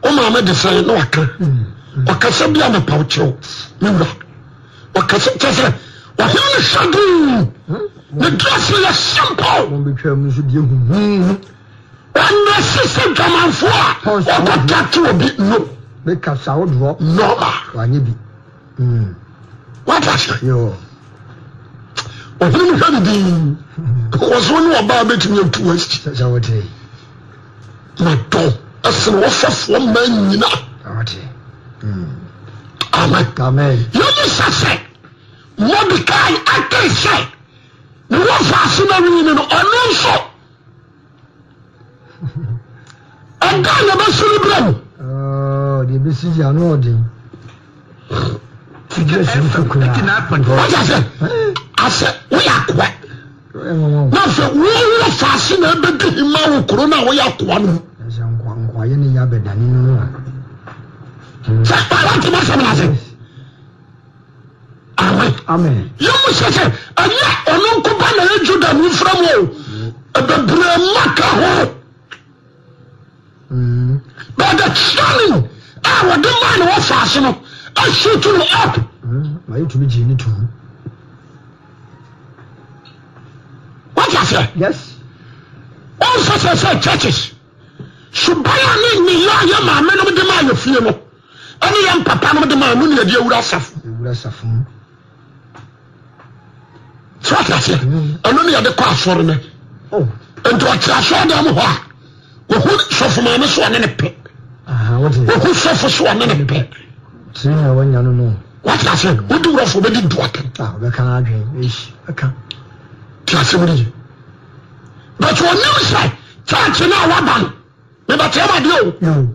wo maame de sɛn na waka mm-hmm ɔkasa bia ne paw kyerɛw wura ɔkasa kyɛ sɛ wahene no hyadoo ne dress yɛ simple ɛnɛ sesɛ dwamanfoɔ a ɔkɔtate obi no mekasa wodoɔ nɔba wanyɛ bi watahyɛ ɔhene no hwɛ ne din wɔ ne wɔbaa bɛtumi atu asi na dɔ ɛsene wɔfɛfoɔ ma nyina Mm. amen yɛdi sɛ sɛ mɔdekae ate sɛ ne wɔfa ase no awini no ɔno nso ɛda yɛbɛso no berɛ mu deɛ bɛsi gya no ɔden wọ́n sẹ́ asẹ́ wọ́n yà kọ́ náà fẹ́ wọ́n wọ́n fa ase náà bẹ́ẹ̀ di ìmáwó kúrò náà wọ́n yà kọ́ nù. ẹ̀sẹ̀ nkwa nkwa yẹn ni yà bẹ̀ dání nínú wa sista láti má sọ wíwáṣẹ. Amen. yẹn mu sẹ sẹ ẹnyẹ ọ̀nà nkópa náà yẹ juda ní nfura mu o ẹbẹbẹrẹ maka hó. Mm-hmm. But the challenge a wɔde maa na wɔfa ase no ahyɛ mm-hmm. tu no up. Maa yɛ tumi gyi ne tu. Wọ́n fà Yes. Wọ́n fà sẹ́ churches. Ṣùgbọ́n yà ni nìyá yẹ maame nom de maa yẹ fie no ɛne yɛn papa no de maa no ne yɛde awura asafo sɛtaseɛ ɛno ne yɛde kɔ asɔre no oh. nti ɔte asɔre da m hɔ a wɔhu sɔfo maame so ɔne ne pɛ wɔhu sɔfo so ɔne ne pɛ wate aseɛ wurɔfo bɛdi ntoatam ah, te asɛm no ye but ɔnim sɛ church no a waba no mebɛteɛ madeɛ o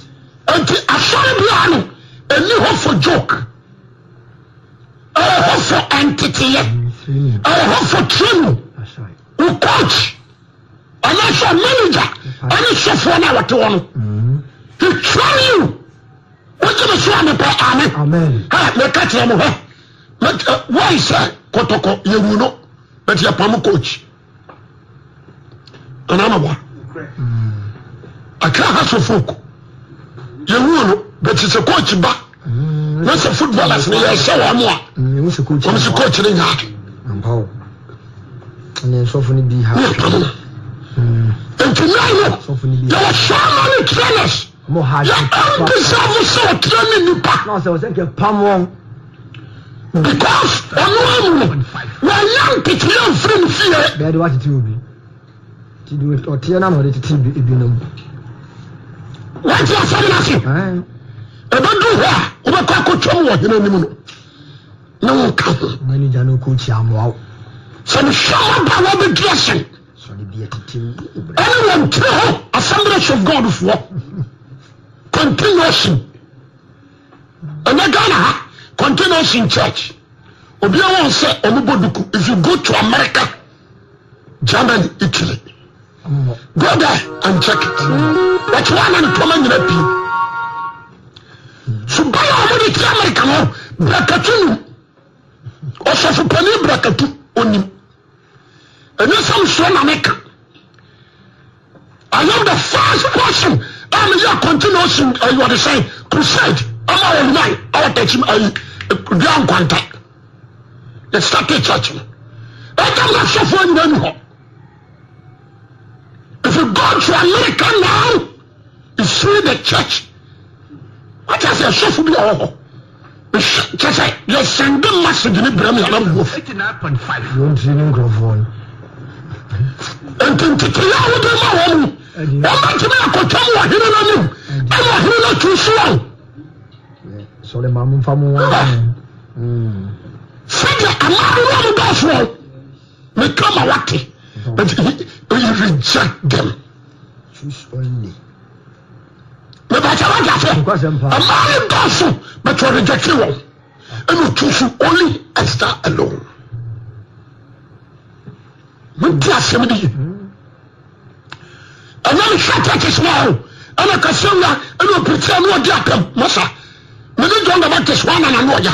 nti asɔrebia no ani ho fo joke ahofo entityɛ ho fo tramu o coach anaso manager ane sofoɔ no awɔtewo no mm-hmm. hetraw yi woyeme soamepa ame mekatemo hw eh, sɛ ktk yaru no mɛtɛpamo coach ankrahasofo yɛhu no bɛti sɛ coach ba mm. na sɛ footballers mm. mm, no yɛhyɛ wɔ mo a ɔm sɛ coach no nyaa nti nano yɛwɔ saa ma ne trainers yɛmpisa mo sɛ ɔtra ne nnipa because ɔno amu no wɔanya ntetere amfiri no fie ɔteɛ no na ɔde tete ebinom wàtí asọ́ni n'ase ẹ̀bẹ̀dù hù a wọ́bẹ̀kọ́ akọ́twam wọ̀ hẹ́nà ẹ̀nìmù no ne wọn ka ho. manager náà kò tí a mọ̀ ọ́. sani sọ́wọ́ bá wọ́n bẹ di ẹsẹ̀. sọ́ni bí ẹ tètè mú. ẹni wọn tẹ hó assemblies of God fọ continuation ẹ̀yẹ Ghana ha continuation church obi àwọn sẹ ọmọ if you go to America Germany Italy. bod anche conen tmayina pi sobay mode ti america brakatu nu osofo pan brakatu onim ane same soo nanka am the fis poson aeye continsndes crucide mum waacinkantaa If you go to America now, you see the church. What is a chef bi wɔ hɔ? Kyɛ sɛ yɛsɛnde message ne brɛ me anam wo. Wɔnti ne nkurɔfoɔ no. Nti ntete yɛ ahodoɔ ma wɔn mu. Wɔmɛtumi akɔtwam wɔ hene no anim. Ɛna hene no tu so wɔn. Sɔre maa mo mfa mo wɔn. Sɛdeɛ amaa no wɔn mu bɛɛ soɔ, meka ma wate. eyirejat dem ebacabajae aman dosu bechu rejetio ene chus oly aster alo medi semdyi anemisatkisw anekaseya ene priti nuodiapem osa menjogebakesw nan nuoya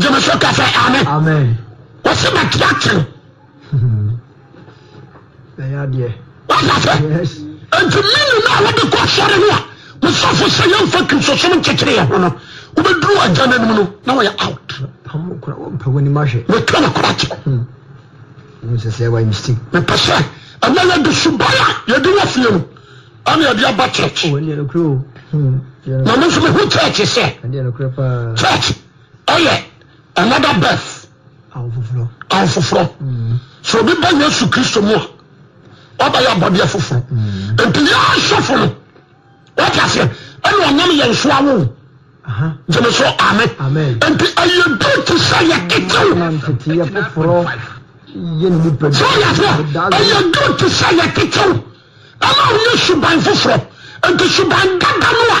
jẹmẹsọ kasa amen wọsi ma tura kyerɛ wàlàfẹ nti mímu náà wọde kọ sọrọ ni a musafo sẹ yẹn fẹ kiri sọsọmi kyekyere yẹn hono wọbẹ duru wa gya n'anim no na wọ yẹ out mẹ tura na kura kyerɛ mẹ pẹsẹ ẹnna yẹ de subaya yẹ de wọ fiye no ẹnna yẹ de aba kyerɛkyi na mo nso mi hu kyerɛkyi sɛ kyerɛkyi ɛyɛ another birth awo foforɔ mm. so obi bɛ yesu kristo mu a ɔbɛ yɛ abɔdeɛ foforɔ mm. nti yɛ ahyɛfo no wɔte aseɛ ɛna ɔnam yɛn so awo gyeme so amen nti ɛyɛ bi te sɛ yɛ ketew sɛ yɛfo ɛyɛ bi te sɛ yɛ ketew ɛma ɔyɛ suban foforɔ nti suban dada no a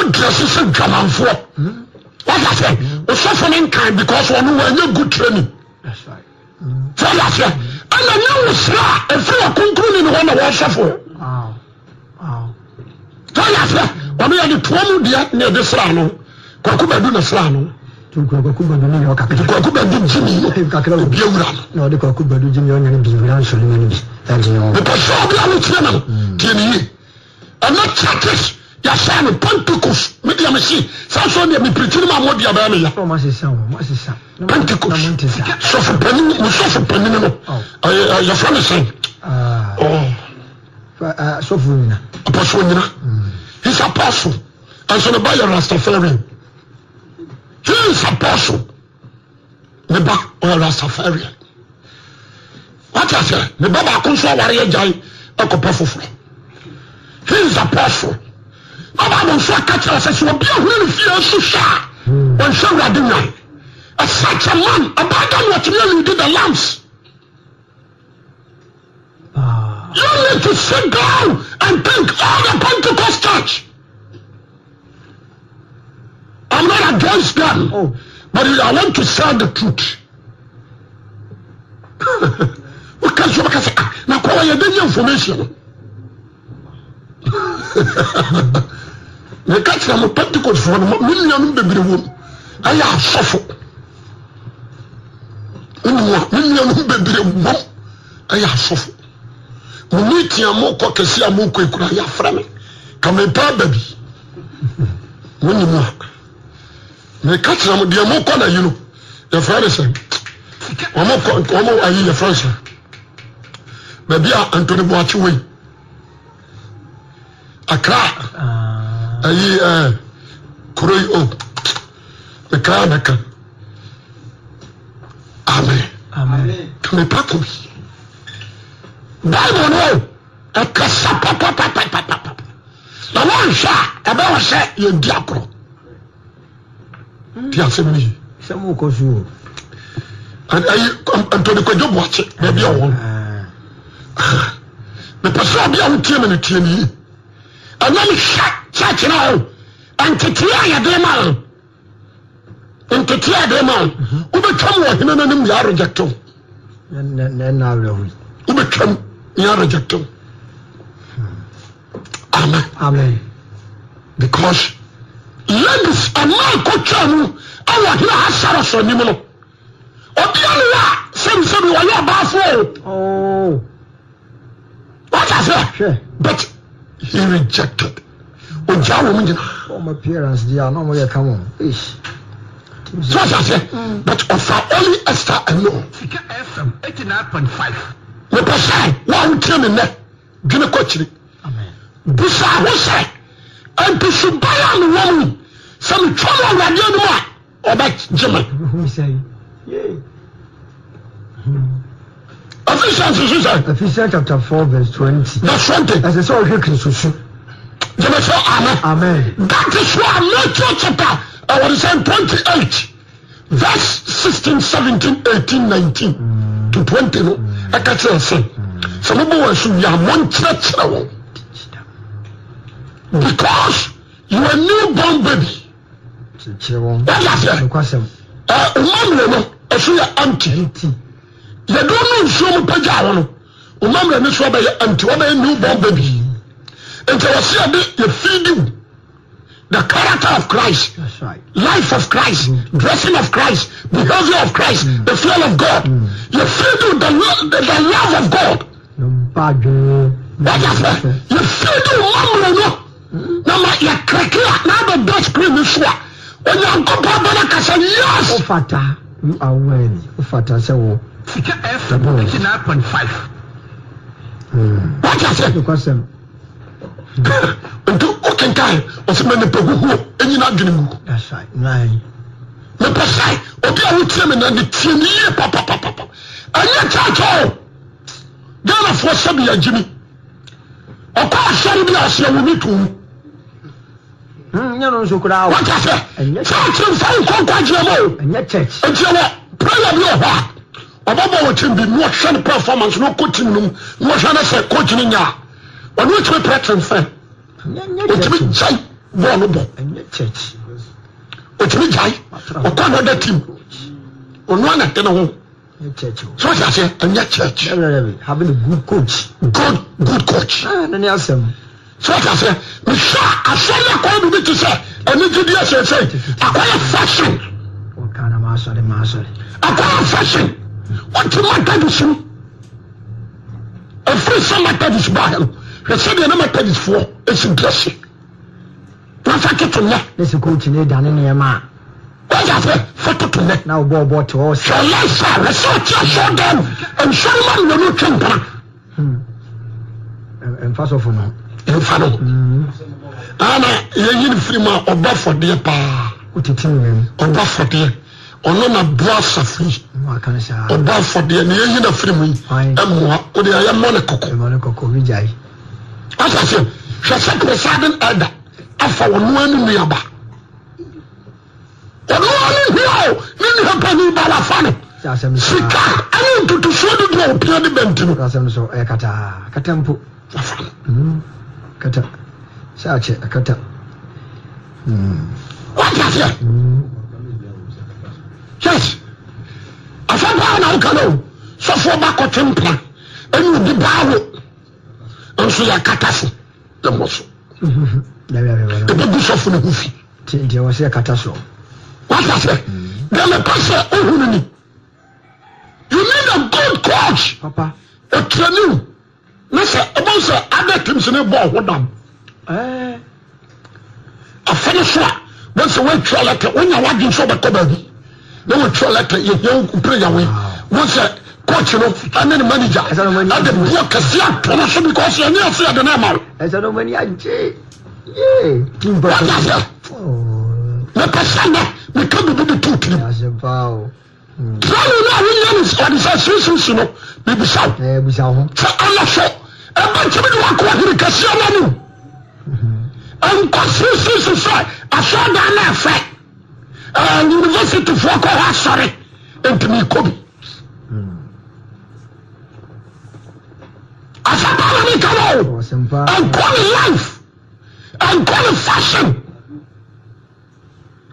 o dira sisi gamanfoɔ wata fɛ osɔfo ni nkan because ɔno wa nye good training fɛ wata fɛ ɛna nye wosira efiri akunkun ni ni wɔn na wɔn sɔfo fɛ wata fɛ ɔno yɛ de tuo mu deɛ na yɛde sira ano kwaku bɛ du na sira ano kwaku bɛ du ni yɛ ɔkakira kwaku bɛ du jimi yɛ obi ewura no na ɔde kwaku bɛ du jimi yɛ ɔnyɛ ni bi wura nsɔlɔ ni bi ɛdi yɛ ɔwɔ nipa sɔ ɔbi awo tiɛ na tiɛ ni yie ɛna chakis yɛsɛ no pentecost medeɛ mese saa so deɛ mepirikyi no ma mɔde abɛɛ meyɛ pentecostsɔfo panini no yɛfrɛ no sɛn apɔsɔ nyina his apostle ɛnso ne ba yɛ rastafarian his apostle ne ba ɔyɛ rastafarian wata sɛ ne ba baako nso aware yɛ gyae ɛkɔpɛ foforɔ his apostle aba abɔnfo aka kyerɛ sɛ sɛ obi ahuru ne fie so hwɛ a wɔnhwɛ awurade nwan a such a man about that what really did the lambs ah. you need to sit down and think all the Pentecost church I'm not against them oh. but I want to say the truth woka nso bɛka sɛ na kɔwa yɛbɛnya information meka kyerɛ mo pentecostefoɔ no me nuanom bebree wom ɛyɛ asɔfo wonua me nuanom bebree wom ɛyɛ asɔfo mene tia mokɔ kɛse a mokɔ akura yɛafrɛ me ka mepaa ba wonim a meka kyerɛ mo deɛ mokɔ na yi no yɛfrɛ ne sɛ ɔmo ayi yɛfrɛ ne sɛ baabi a antony boakye wei akra ah. ayi ɛɛ eh, kuro yi o amen mepa ko bi bible no ɛkasa papapapapapa il y a ɛbɛwɔ sɛ yɛdi akorɔ ti asɛm no yi ayi ntoni kwadwo il y a wɔn mepɛ sɛ pas wotie me no il y a un nttdt wl amcan esarsni dnwa ssyb ogya wɔ nyina. ɔmɔ appearance di a na ɔmɔ yɛ kam eish. tí wọ́n ti àṣẹ but ọ̀fà only extra ẹ̀lò. sika fm eighty nine point five. nípa sáà wọ́n ń tiẹ̀ mi nẹ́ dwene kọ́ kyiri. bisa ahosẹ ẹnpisi báyà ni wọ́n mu sẹ́mi tí wọ́n wọ wàdí ẹni mu a ọba jẹ Ephesians Ephesians chapter four verse twenty. verse twenty. As I saw, sọ̀rọ̀ hwé kìrìsìsì jẹmẹ sọ amen that is why Matthew chapter ẹwọ de sẹn twenty eight verse sixteen seventeen eighteen nineteen to twenty no ẹka kyerẹ sẹ sẹ mo bọ wọn so yà mọ n kyerẹkyerẹ wọn because you are new born baby ẹ yà fẹ ẹ ọmọ mi lọ ẹsọ yẹ empty yẹ dúró ní nsuo mu pẹjá wọn ọmọ mi lọ ní sọ ọbẹ yẹ empty ọbẹ yẹ new born baby nti wɔsi ɛde yɛ feed the character of Christ life of Christ dressing of Christ behavior of Christ the fear of God mm. yɛ the, the, love of God wajafɛ yɛ feed you mamuru no na ma yɛ kɛkɛ a n'a bɛ dɔ screen mi so a onyankopɔ bɛna kasa yes. o fata you are well o fata sɛ wo. sika f eighty nine point five. wajafɛ nti wokenkae ɔsɛmɛ ne pɛhuhuo ɛnyina adwene mu mepɛ sae obi a wotie me na ne tie ne yie papapapapa ɛnyɛ kyaakyɛ o ghanafoɔ sɛbea gyimi ɔkɔ asɔre bi aseɛ wo ne too wata sɛ church nfa nkɔ nkwagyeɛ ma o nti ɛwɔ prayer bi wɔ hɔ a ɔbɛbɔ bi na ɔhwɛ no performance na ɔkɔ tim no mu na ɔhwɛ no sɛ coach no nyaa ɔno akyerɛ petron sɛ ɔtumi gyae bɔɔl no bɔ ɔtumi gyae ɔkɔ na ɔda tim ɔno ana de ne ho so ɔhyɛ aseɛ ɛnyɛ church having a good coach good good coach ah, so ɔhyɛ aseɛ mehwɛ asɔre akɔyɛ biribi te sɛ ɛne gyidi asɛsɛ akɔyɛ fashion akɔyɛ fashion wɔntumi atadusum ɛfiri sɛ matadus baa no hwɛ sɛdeɛ ne matadifoɔ ɛsi drɛse nafa toto nnɛ ne sɛ coach ne dane nneɛma a wagya sɛ fa toto nnɛ na wobɔɔbɔ te hɔ sɛ lasa wɛ sɛ ɔkye asɔ dam nsɔrema mmienu twe mpana ɛmfa sɔfo no ɛmfa no ana yɛyi ne firi mu a ɔbɔ afɔdeɛ paa ɔbɔ afɔdeɛ ɔno na boa asafo yi ɔbɔ afɔdeɛ na yɛyi na firi mu yi ɛmmoa wode ayɛ mmɔ ne kɔkɔ asase hwɛ sɛ presiding elder afa wɔn ani nnuaba ɔno ani hia o ne nua panin ba wafa ne sika ɛne ntutusuo de deɛ ɔpia de bɛnti no. asɛm so ɛyɛ kata kata mpo. afa no. Hmm, kata sɛ akyɛ kata. Hmm. wate aseɛ. yes afa baa na ɔka no sɔfoɔ ba kɔtwe mpena ɛne odi baa wo nso yɛ akatafo ɛwɔ so ɛbɛgu sɔfo ne ho fi nti ɛwɔ sɛ ɛkata so wata sɛ deɛ mm. mepɛ sɛ ohunu ni you need a good coach papa a trainee ne sɛ ɛbɛn sɛ ada teams ne bɔ ɔho dam afɛne so a bɛn sɛ wɔatwa lɛtɛ wonya woadwen sɛ wobɛkɔ baabi na wɔatwa lɛtɛ yɛhia mpire yɛwe wɔn kcno anen manager adeo kesi beaseysedenalk t n ydsss ebsls bacibide wkere kesi manu nko sisis se asodane fe university f asamepa name kano ankone life ankone fashion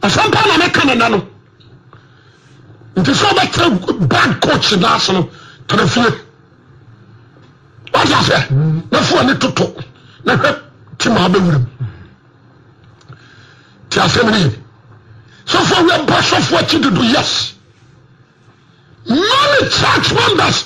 asamepa name kanana no nti sɛ obɛtera bad coch nase no tara fie atsɛ na fuane tot nae timabɛweram tiasɛmineye sofo weabɔ so fo acido do yes many carch members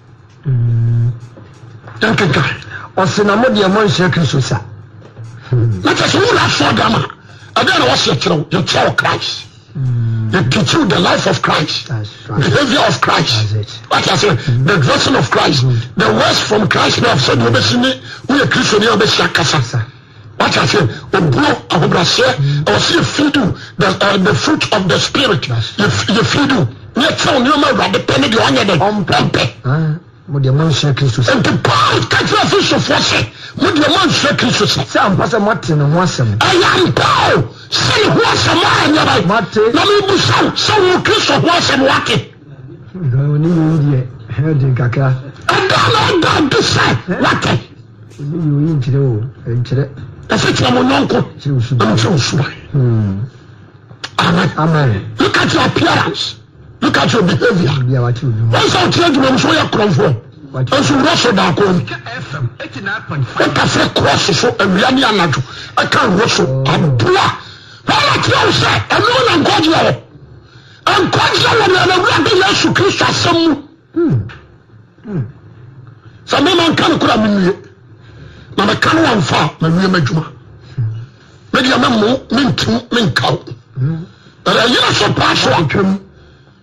ɛkeka ɔse na modeɛ mɔnhyɛ kristo sa mɛtɛ sɛ wona asoa dam a ɛdeɛ na wɔhyɛ kyerɛw yɛkyerɛ wo christ yɛteach you the life of christ behavior of christ wata sɛ the dressing of christ the words from christ na sɛde wobɛsi ne woyɛ kristoni a wobɛhyia kasa wata sɛ obuo ahobrɛseɛ ɛwɔ sɛ yɛfiridu uh, the fruit of the spirit yɛfiridu ne yɛkyerɛw nneɔma awurade pɛ ne deɛ ɔnyɛ dɛ ɔmpɛ ah mo deɛ mo nhyɛ kristu sɛ. nti paul kakyira afisofoɔ sɛ mo deɛ mo nhyɛ kristu sɛ. sɛ ampa sɛ mo ate ne ho asɛm. ɛyɛ mpaw sɛ ne ho asɛm a ɛnyɛba yi. mo ate. na mo ibusaw sɛ wo kristu ho asɛm wate. ɔni yɛ yi deɛ ɛdi kakra. ɛdan na ɛdan di sɛ wate. ɔni yɛ oyi nkyerɛ o nkyerɛ. ɛsɛ kyerɛ mo nyɔnko ɛnkyerɛ osuba. amen. amen. look at your appearance look at your behaviour wọn sọ ọtí ẹdùnmọ̀ nso yẹ kúrọ̀fọ̀ nso wúrọ̀ sọ dàkọ mu wọn kàfẹ́ kúrọ̀sì so ẹ̀wíyá ní ànájọ ẹ̀ka wúrọ̀ sọ àbúrà wọn yà tí wọn sẹ ẹnu wọn nkọ́jì ẹ̀ nkọ́jì ẹ̀ wọn ẹ̀rọ wúrọ̀ bí yẹn sùn kí sọ asẹ́m mu hmm. hmm. sàmì máa ń kánú kúrò àmì nìyẹ màmá kánú wà nfa mà wíyẹ mẹ jùmọ̀ mẹ diẹ mẹ mú mi ntú mi nkaw ẹ̀rẹ̀ yẹ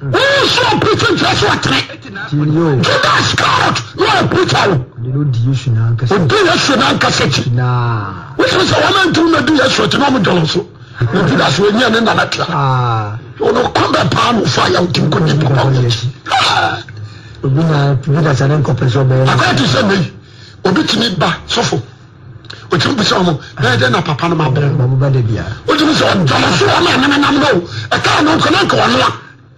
nso ɔpirikyi nkyerɛ so ɔtere judas carrot na ɔpirikyi awo odi yesu n'ankasa akyi wosan sɛ wɔn antum na di yesu akyi na ɔmo dɔlɔ so na judas wo enyia ne nana tia ɔno kwan bɛ paa na ofa ayaw ti nko nipa pa ɔmo akyi obi na judas ane nkɔpɛ so ɔbɛyɛ akɔyɛ ti sɛ meyi obi tumi ba sɔfo otumi bisɛ ɔmo bɛyɛ dɛ na papa no ma bɛrɛ ɔmo ba de bia otumi sɛ ɔdɔlɔ so ɔmo anam anam no ɛka ɔno nkɔ na nkɔ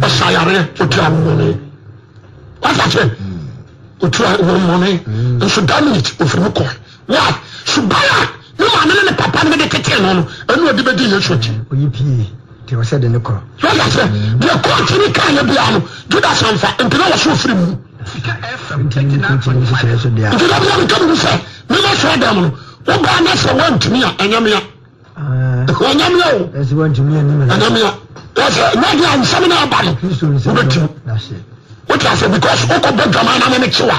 ɔsa yare otua mmɔne wasase otua mmɔne nso damage ofiri mu kɔ wa subaya ne maame ne ne papa ne de tete no no ɛnu odi bɛ di yesu akyi. oyi pii de ɔsɛ de ne kɔrɔ. wasase deɛ kɔɔkye ne kaa yɛ bia no judas anfa mpina wɔ so ofiri mu. nti na bi a nka mi sɛ ne ma sɔ dɛm no wobaa na sɛ wɔntumi a ɛnyamea ɛnyamea o ɛnyamea yɛsɛ nadi a nsɛm na aba no wobɛtim wote asɛ because wokɔ bɔ dwama na mene kyewa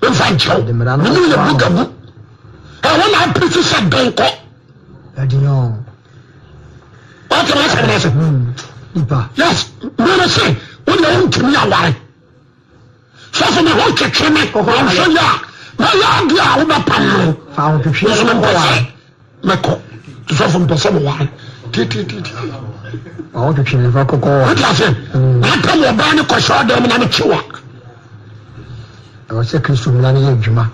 memfa nkyerɛw menim yɛ bugabu ɛ wona apirisi sɛ bɛnkɔ wote ma asɛm hmm. no sɛ yes mene sɛ wone wontumi aware sɛfo me ho kyekye me ɔnhwɛ yɛ a na yɛ ade a wobɛpam no nso mempɛ sɛ mɛkɔ sɛfo mpɛ sɛ meware titititi àwọn tuntun yìí fa kókó wa. wọ́n ti àfẹ́ hmm. wọ́n bá ní kọ̀ṣọ́ ọ̀dọ́ mi náà ní tiwa. àwọn sẹ́ kristu mi hmm. náà ní yẹ adwuma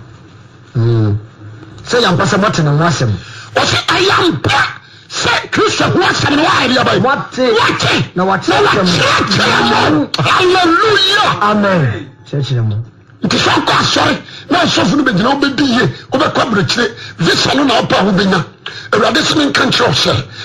sẹ yà mpẹ sẹ bọ́ tẹ̀ ní mu asẹ̀m. wọ́n sẹ ẹ̀yà mpẹ sẹ kristu ẹ̀kú asẹ̀m ni wọ́n ayé yaba yìí. wọ́n ti na wọ́n ti asẹ̀m ni wọ́n ti asẹ̀m hmm. hallelujah. amen. kyerɛkyerɛ mu. nti sọ kọ asọri náà sọfún mi bẹ gyina ọbẹ di yie ọbẹ kọ abirikyire visa ló na ọpẹ àwọn bẹ nya ewurade sinmi nkankyerɛ ọsẹ.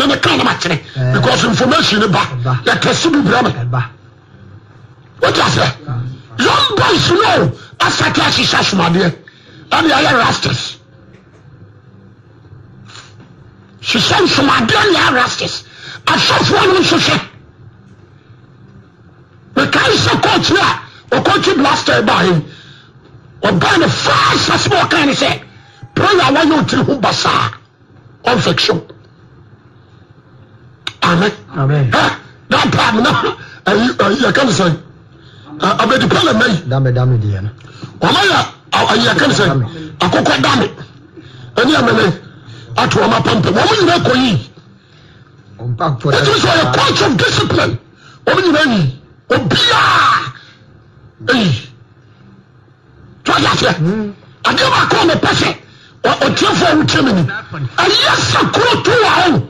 na ne kan na ma kyerɛ eh. because information ne ba yɛ kɛse bi bira mi wotu ase young boys no asake ahyehyɛ asomadeɛ ɛna yɛyɛ rastas hyehyɛ nsomadeɛ na yɛ rastas asɔfoɔ no nso hyɛ mekae sɛ kɔɔkyere a ɔkɔɔkye blaster baeɛ ɔbaa no faa sasɛ ma ɔkae ne sɛ prayer a wayɛ ɔtiri ho basaa ɔmfɛkhyɛw amen ɛ na paam na ayi ayi yɛ kan sɛn abedi pɛlɛ mɛyi dame dame di yɛn wɔn yɛ ayi yɛ kan sɛn akokɔ dame ɛni amene ato wɔn apampam wɔn nyinaa kɔ yi ɛti sɛ ɔyɛ culture of discipline wɔn nyinaa yi obiara eyi tí wọ́n yà fẹ́ adeɛ baako hmm. a mɛ pɛ sɛ ɔtiɛfo a wotia mi ni ayé sɛ kuro tó wà hàn.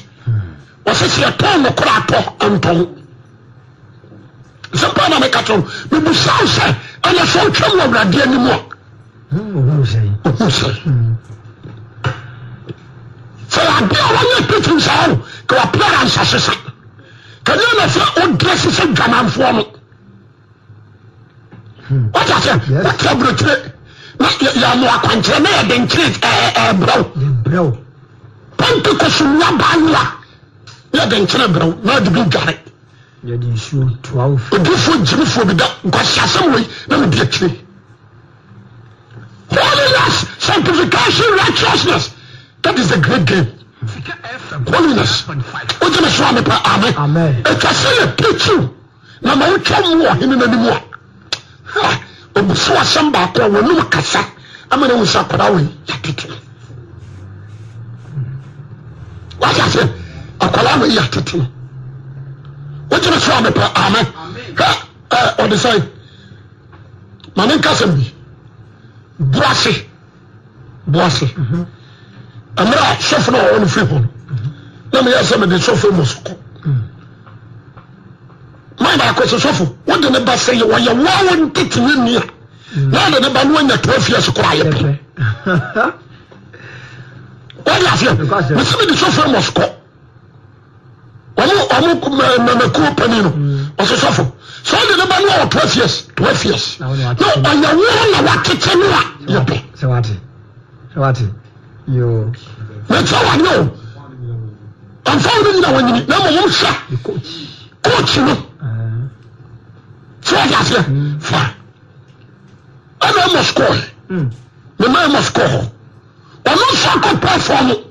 ɔsɛsɛ tɔn no koratɔ ntɔ pnɛka mɛbusaw sɛ ɛnɛsɛ otwamawradea ni mua sɛadea wanyɛ petnsao kɛwapara nsasesa kanɛnɔfa ɔdeɛ se sɛ dwamanfo no wtrɛir n yɛnoakwankyerɛ na yɛdenkyere brɛ pn ksomua baayela yɛde nkyene berɛw na ade bi dware obifoɔ gyimifoɔ bi da nkɔsiasɛm wei na mede akyire holiness sanctification righteousness that is the great game holiness wogyeme so a mepa ame ɛtwa sɛ yɛ pikyiw na ma wotwa mu wɔ hene no anim a obuso asɛm baako a wɔnom kasa ama ne wu sɛ akwadaa wei yɛtete wagya sɛ akwalame iye tetemo oeme soamepa am odesa manenkasembi boasebas mhm. er sufo n n fr eeyse mede sofom sko manko sesofo odene bay tetaya f sekresmede sfo sko ɔmo ɔmo mɛmɛkuo panyin no ɔsosɔfo sɛ de ne ba no ɔwɔ twelve years twelve years na ɔyɛworo na wakyekyɛ no a yɛpɛ. sɛ wate sɛ wate yoo. mɛkyɛ wa ne o ɔnfɔw no nyina wɔnyini na mmom hwɛ kookyi no ah. sɛ ɔde aseɛ mm. fa ɛna ɛmɔ sukɔɔ ne mma mm. ɛmɔ sukɔɔ hɔ ɔno nso akɔ pɛɛ fɔɔ no.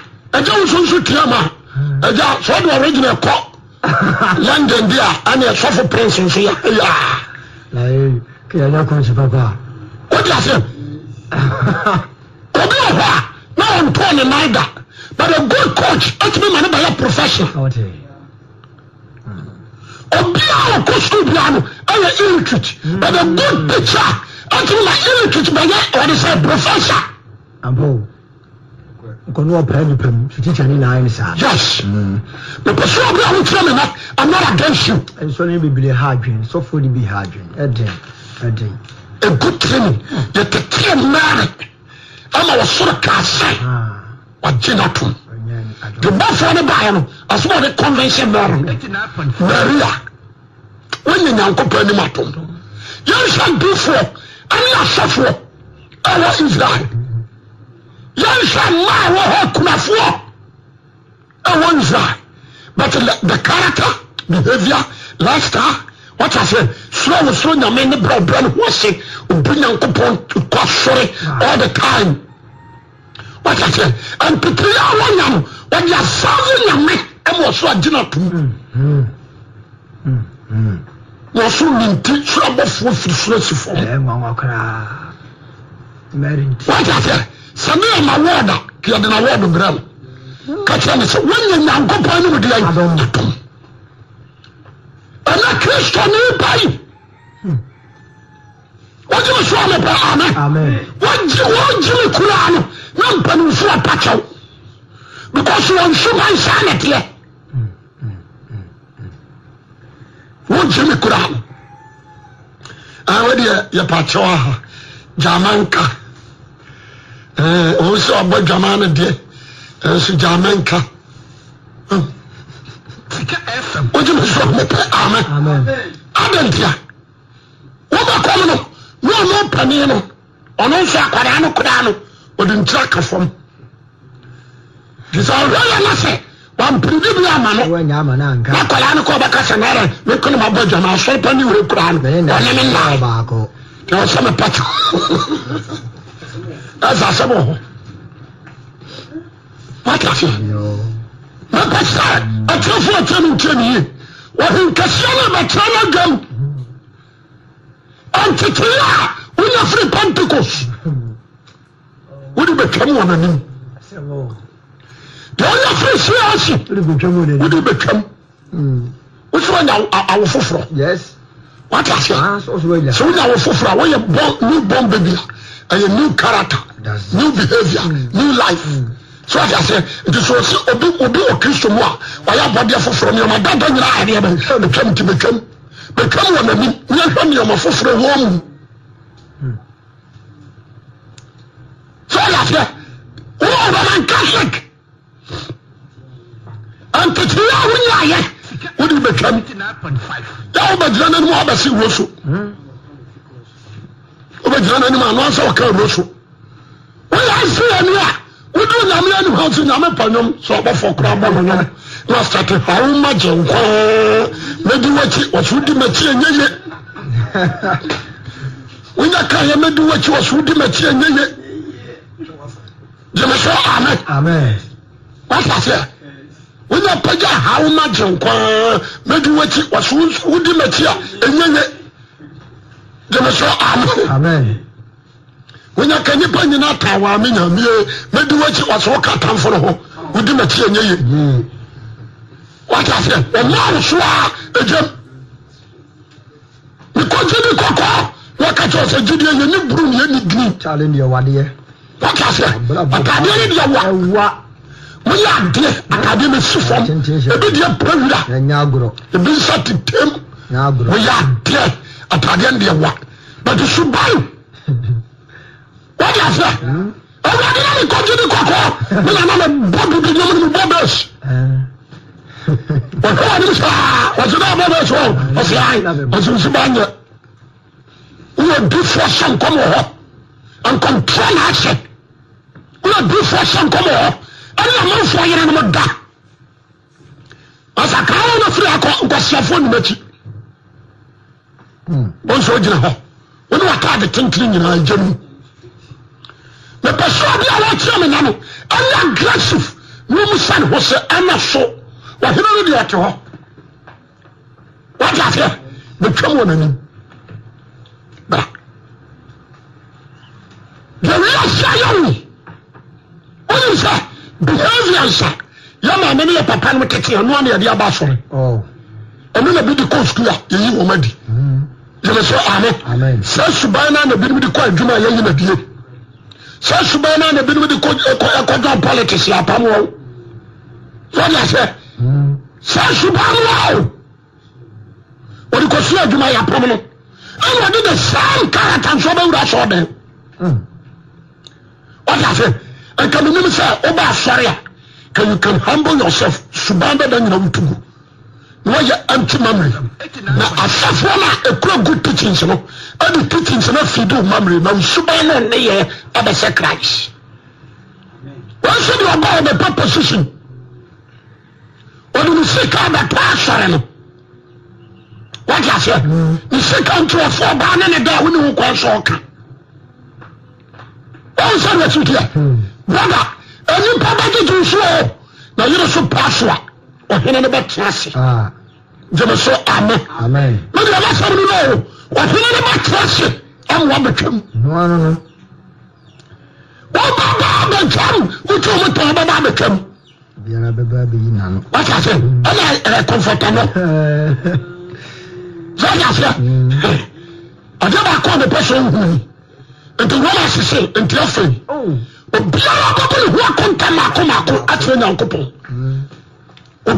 ɛgya wo so tia ma ɛgya sɛ ɔde ɔregina ɛkɔ london bi a ɛne ɛsɔfo prince nso yɛyɛa wode asɛ obi wɔ hɔ a na ɔntɔɔ ne nan da but a good coach ɛtumi ma ne bɛyɛ professional obi a ɔkɔ sukuu bia no ɛyɛ illitrit but a good hmm. picture ɛtumi ma illitrit bɛyɛ ɔde sɛ professor nkɔnɔ ɔpɛ nipa mu sitikya ne nan saa. yes pepɛ mm. sɛ ɔbi awo kyerɛ mi na i'm not against you. nsọ ni bebree ha adwene sɔfo ni bi ha adwene ɛdin ɛdin. egu tirini mm. yɛ tètè mmarì ama wɔsoro kaase ah. wagye na tum de bɔfra ne baayɛ no asoma ɔde convention mɛri mɛria wɔnyɛ nyankopɔ anim atom yɛn nsa dufoɔ ɛne asɔfoɔ ɛwɔ israel yɛnhwɛ mmaa wɔ hɔ akunafoɔ ɛwɔ israel but the, character behavior lifestyle wata sɛ soro wo soro nyame ne brɛbrɛ no ho ase obi nyankopɔn kɔ asɔre all the time wata sɛ mpitiri a wɔnya no wɔde asase nyame ɛma ɔso agyina tom hmm, hmm, hmm, wɔso ne nti soro abɔfoɔ firi soro si fam wata sɛ sɛnema woda kɛdenawod brɛl kakyrɛnesɛ waya nyankopɔ nomdea ɛna kristo neba woe mesowa em kran ne panowɛpakɛ because sba sanetɛ wɔeme kro wedeɛ yɛ pakɛw aha jamanka ɔn sɛ ɔbɔ dwamaa di, deɛ nso gyaame nka wogye me soro mepɛ amen adantia wobɛkɔm no ne ɔno paneɛ no ɔno nso akwadaa no kodaa no ɔde ntira ka fam sɛ ɔhwɛ yɛ no sɛ wampiridi bi ama no na akwadaa no kɔ ɔbɛka sɛ nara mekone mabɔ dwamaa sɔre pa ne were koraa no ɔne me naa nti ɔsɛ mepɛ ɛza asɛm wɔ ho wate ase mɛpɛ sɛ akyerɛfoɔ akyerɛ no nkyerɛ ne yie wɔhenkɛseɛ no bɛkyerɛ no agam antetee a wonya firi pentecost wode bɛtwam wɔ n'anim deɛ wonya firi sere ase wode bɛtwam wosɛ wonya awo foforɔ wate aseɛ sɛ wonya awo foforɔ a ah, woyɛ new born baby a ɛyɛ new character new behaviour hmm. new life so ati ase nti so si obi obi wɔ kristu mu a wayɛ abɔdeɛ foforɔ nneɛma dada nyinaa adeɛ bɛ betwam ti betwam betwam wɔ n'anim nyɛ hwɛ nneɛma foforɔ wɔ mu so ati ase wɔn a wɔn nan catholic ntutuwa a wɔn nyɛ ayɛ wɔde betwam yɛ wɔn bɛ gyina n'anim a wɔbɛsi wɔ so wobɛgyina noanim anaasɛ ɔka wuro so woyɛ ase ani a wode nyame anim ha so nyame pa nwom sɛ ɔbɔfo kora bɔ no nwom na asate hawoma gye nkwaa mɛdi wakyi wɔso wodi makyi ɛnyɛ ye wonya kaeɛ mɛdi wakyi wɔso wodi makyi ɛnyɛ ye gyeme sɛ amen wasaseɛ wonya pagya hawoma gye nkwaa mɛdi wakyi wɔso wodi makyi a ɛnyɛ ye gyeme so amen wonya ka nipa nyina ta wa me nyamie medi wakyi wɔsɛ woka tamfo no ho wodi makyi ɛnyɛ ye hmm. wata sɛ ɔma wo so a ɛgyam mekɔgye ne kɔkɔɔ wɔka kyɛ sɛ gyedeɛ yɛne buru ne yɛne dini wata sɛ atadeɛ ne deɛ wa moyɛ adeɛ atadeɛ mɛsi fam ebi deɛ pra wira ebi nsa tetam moyɛ adeɛ atadeɛ ndeɛ wa but subaru wadi afɛ ɔwurade na mi kɔnji ni kɔkɔɔ mi nana mi bɔ dudu nyɔmu ni mi bɔ bɛs wɔhwɛ wani mi saa wɔsi naa bɔ bɛs wɔ ɔsi ayi ɔsi nsi ba nyɛ wúyɛ du fɔ sɛ nkɔm wɔ hɔ nkɔntrɔ n'ahyɛ wúyɛ du fɔ sɛ nkɔm wɔ hɔ ɛnna amanfoɔ yɛrɛ ni mo da ɔsakawo na firi akɔ nkɔsiafo nimakyi wọn sọ gyina hɔ wọn wà káàdì tenten nyinaa gye mu mepɛ sɛ ɔbi a wɔakyerɛ me na no ɛnyɛ aggressive na wɔn sani hɔ sɛ ɛna so wɔhene no deɛ ɔte hɔ wɔde aseɛ betwam wɔn anim bra deɛ wia sɛ yɛ wo wonim sɛ behavior nsa yɛ maame ne yɛ papa no tete ɛnoa ne yɛde aba asɔre oh. ɛno na bi de kɔ sukuu a yɛyi wɔn adi mm gyeme sɛ ame sɛ suban no na binom hmm. de kɔ adwuma a yɛyi na die sɛ suban no na binom de kɔdwa politics apam wɔ sɛdeɛ sɛ sɛ suban no ao wɔde kɔsua adwuma yɛapam no ɛna ɔde the same character nso ɔbɛwura sɛ ɔdɛn ɔde hmm. ase nka e menim sɛ wobɛ asɔre a ka you can humble yourself suban dada nyina wotugu wɔyɛ empty memory na asafoɔ no a ɛkura good teachings no ɛde teachings no afidi wo memory na wosuban no ne yɛ ɛbɛsɛ christ wɔnso de ɔbaa ɔbɛpa position ɔde ne sika ɔbɛpa asɔre no wagye aseɛ ne sika ntorɔfoɔ ɔbaa ne ne da a wo ne wo kɔn so ɔka wɔnsa de asutiɛ hmm. brother ɛnipa bɛgyegye nsuo na yere so paasoa ɔhene no bɛtena ase ah. gyeme so ame mede ɛbɛsɛm no no ɔhene no bɛtena ase ɛmoa bɛtwam wobɛbaa bɛtwam wotwe mu tɔ bɛbaa bɛtwam wata sɛ mm. ɛna eh, kɔmfɔta no sɛ ɔda sɛ mm. ɔde baakɔ ne pɛ so nhuu nti wɔn asese nti afei oh. obiara bɛbɔ ne ho akonta maako maako akyerɛ nyankopɔn mm. on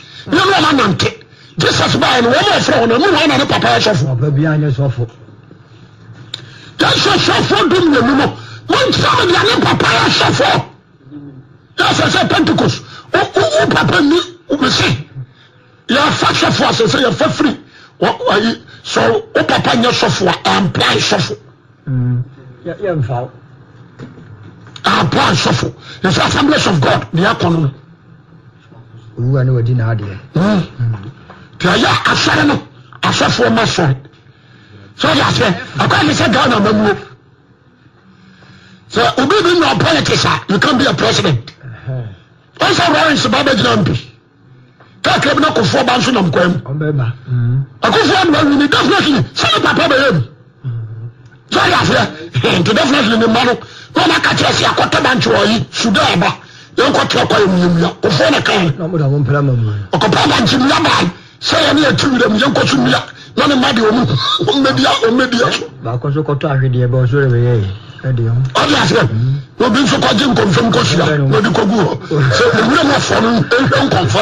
nyame ɛna nante jesus baɛ no wɔn ɛfrɛ wɔn ɛmu wɔn na ne papa yɛ sɔfo. papa bi anyɛ sɔfo. yɛsɛ sɔfo dum yɛ mu no wɔn nsɛm deɛ ne papa yɛ sɔfo yɛsɛ sɛ pentikos wo papa ni wosɛ yɛfa sɔfo asɛ sɛ yɛfa firi wɔyi sɛ wo papa nyɛ sɔfo a ɛmplae sɔfo. Mm. yɛmfa. ɛmplae sɔfo yɛsɛ assemblies of god deɛ ɛkɔ no owura ne wadi n'adeɛ. tí a yɛ asɔre no asɔfoɔ ma sɔre sɔre asɛ akɔyɛ mi sɛ ghana ma mu sɛ obi bi nɔ politics a you can be a president wɔn sɛ lawrence ba bɛ gyina mpi kakra bi na kofoɔ ba nso nam kwan mu akofoɔ nua wini definitely sɛ papa bɛ yɛ mu sɔre asɛ nti definitely ne mma no na ɔna kakyɛ si akɔtɔ bantwe wɔ yi sudan ba yɛnkɔtea kwa yɛmuamua kofoɔ ne ka ɔkɔpra bankye mia bae sɛ yɛne yɛti werɛ mu yɛnkɔ so nnua ma de ɔmu ɔmmɛdia ɔmmɛdia so baako so kɔtɔ ahwedeɛ bɛ ɔso rebɛyɛɛ ɔde aseɛ obi nso kɔgye nkɔmfam kɔsua na ɔde kɔgu hɔ sɛ ɛwura mu afɔ no ɛhwɛ nkɔmfa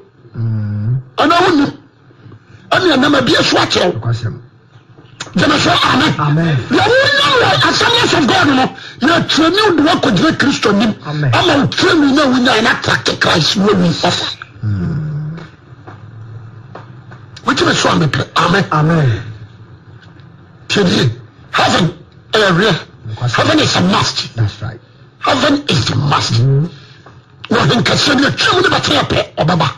ɛna wonim ɛne ɛnam abi so akyerɛw gyeme sɛ amen deɛ wonyam wɔ assemblies of god no yɛtrɛni de woakɔgyina kristo nim ama wo trɛni na wonya ɛna atracte christ na wi ɔfa hmm. wokyeme so amepɛ amen tiɛdie heaven ɛyɛ real heaven is a must That's right. heaven is a must hmm. na ɔhenkɛseɛ ne atwam ne bɛteyɛ pɛ ɔbɛba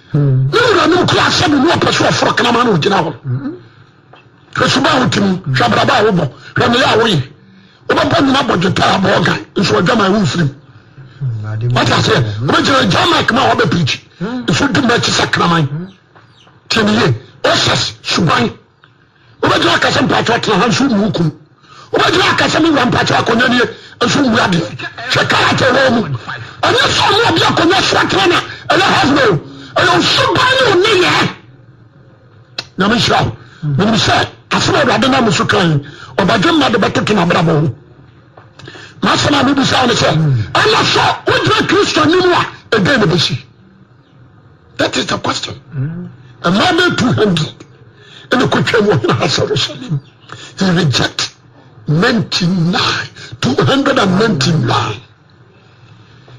ne wura ne kura asɛm ne ɔpɛ so ɔforo kanama na ogyina hɔ esuba ahotim hwɛ abraba a wobɔ hwɛ ne yɛ a woyɛ wobɛbɔ nyina bɔ gyita a bɔ ɔga nso ɔdwama ɛwo mfirim wata sɛ wobɛgyina gyamak ma wɔbɛpirikyi nso di mɛkyi sɛ kraman tiɛ ne yie ɔsɛs suban wobɛgyina akasɛ mpakyɛ ɔtena ha nso mu wokum wobɛgyina akasɛ me wura mpakyɛ akɔnya nie nso mu adeɛ hwɛ karate wɔ mu ɛnyɛ sɛ ɔmo ɔbi akɔnya soa tena na ɛyɛ husband ɛyɛ ɔsuban ne ɔneyɛ nyame hyira wo menim sɛ asɛm awurade no mo so kan ɔbagye mma de bɛtoto nabrabɔ ho maasɛm a mebisa wo ne sɛ ɛna sɛ wogyina kristo anim a ɛdɛn ne bɛsi that is the question ɛma bɛ 200 ɛne kɔtwa mu ɔhene hasaro so he reject 99 299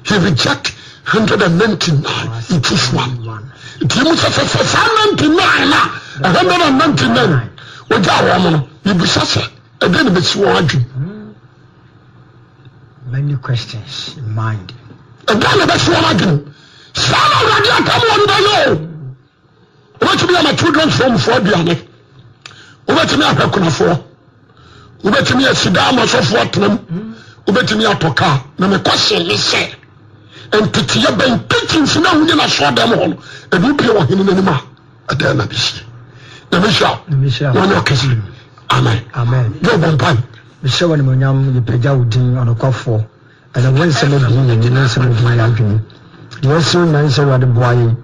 he reject 199 he choose one nti mu sɛ sɛ saa ninety nine na a hundred and ninety nine wogya wɔn no yibisa sɛ ɛdɛ na bɛsi many questions in mind. ɛdɛ na bɛsi wɔn adwene saa na awurade atam wɔn bɛyɛ o wobɛtumi ama children's home foɔ aduane wobɛtumi ahwɛ kunafoɔ wobɛtumi asidaa ama sɔfoɔ tenam wobɛtumi atɔ kaa na mekɔ hyɛ ne sɛ nteteɛ bɛn pɛtinsi na ahonya na sɔɔ dɛm hɔ no ɛnu bia wɔ hene n'anim a ɛdɛn na bihyia na mehyia wɔne ɔkɛse amen yɛ bɔ mpae mehyɛ wɔ nimonyam yɛpagya wo din ɔnokwafoɔ ɛna wo nsɛm adi na nyina nsɛm adi yɛ adwene deɛ ɔsɛ na nsɛ wade boa yɛ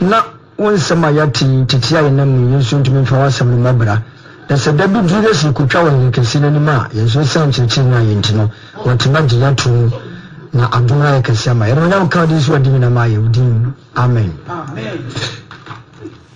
na wo nsɛm a yɛate tete a yɛnam no yɛ nso ntumi mfa w'asɛm no mmɔbra na sɛ da bi duru sɛ kotwa wɔ henkɛse no anim a yɛnso sɛ nkyerɛkyerɛ no na adom ayɛ kɛseɛ ama yɛrɛ nyame kaw de so adimi na ma yɛ wodim amen, amen.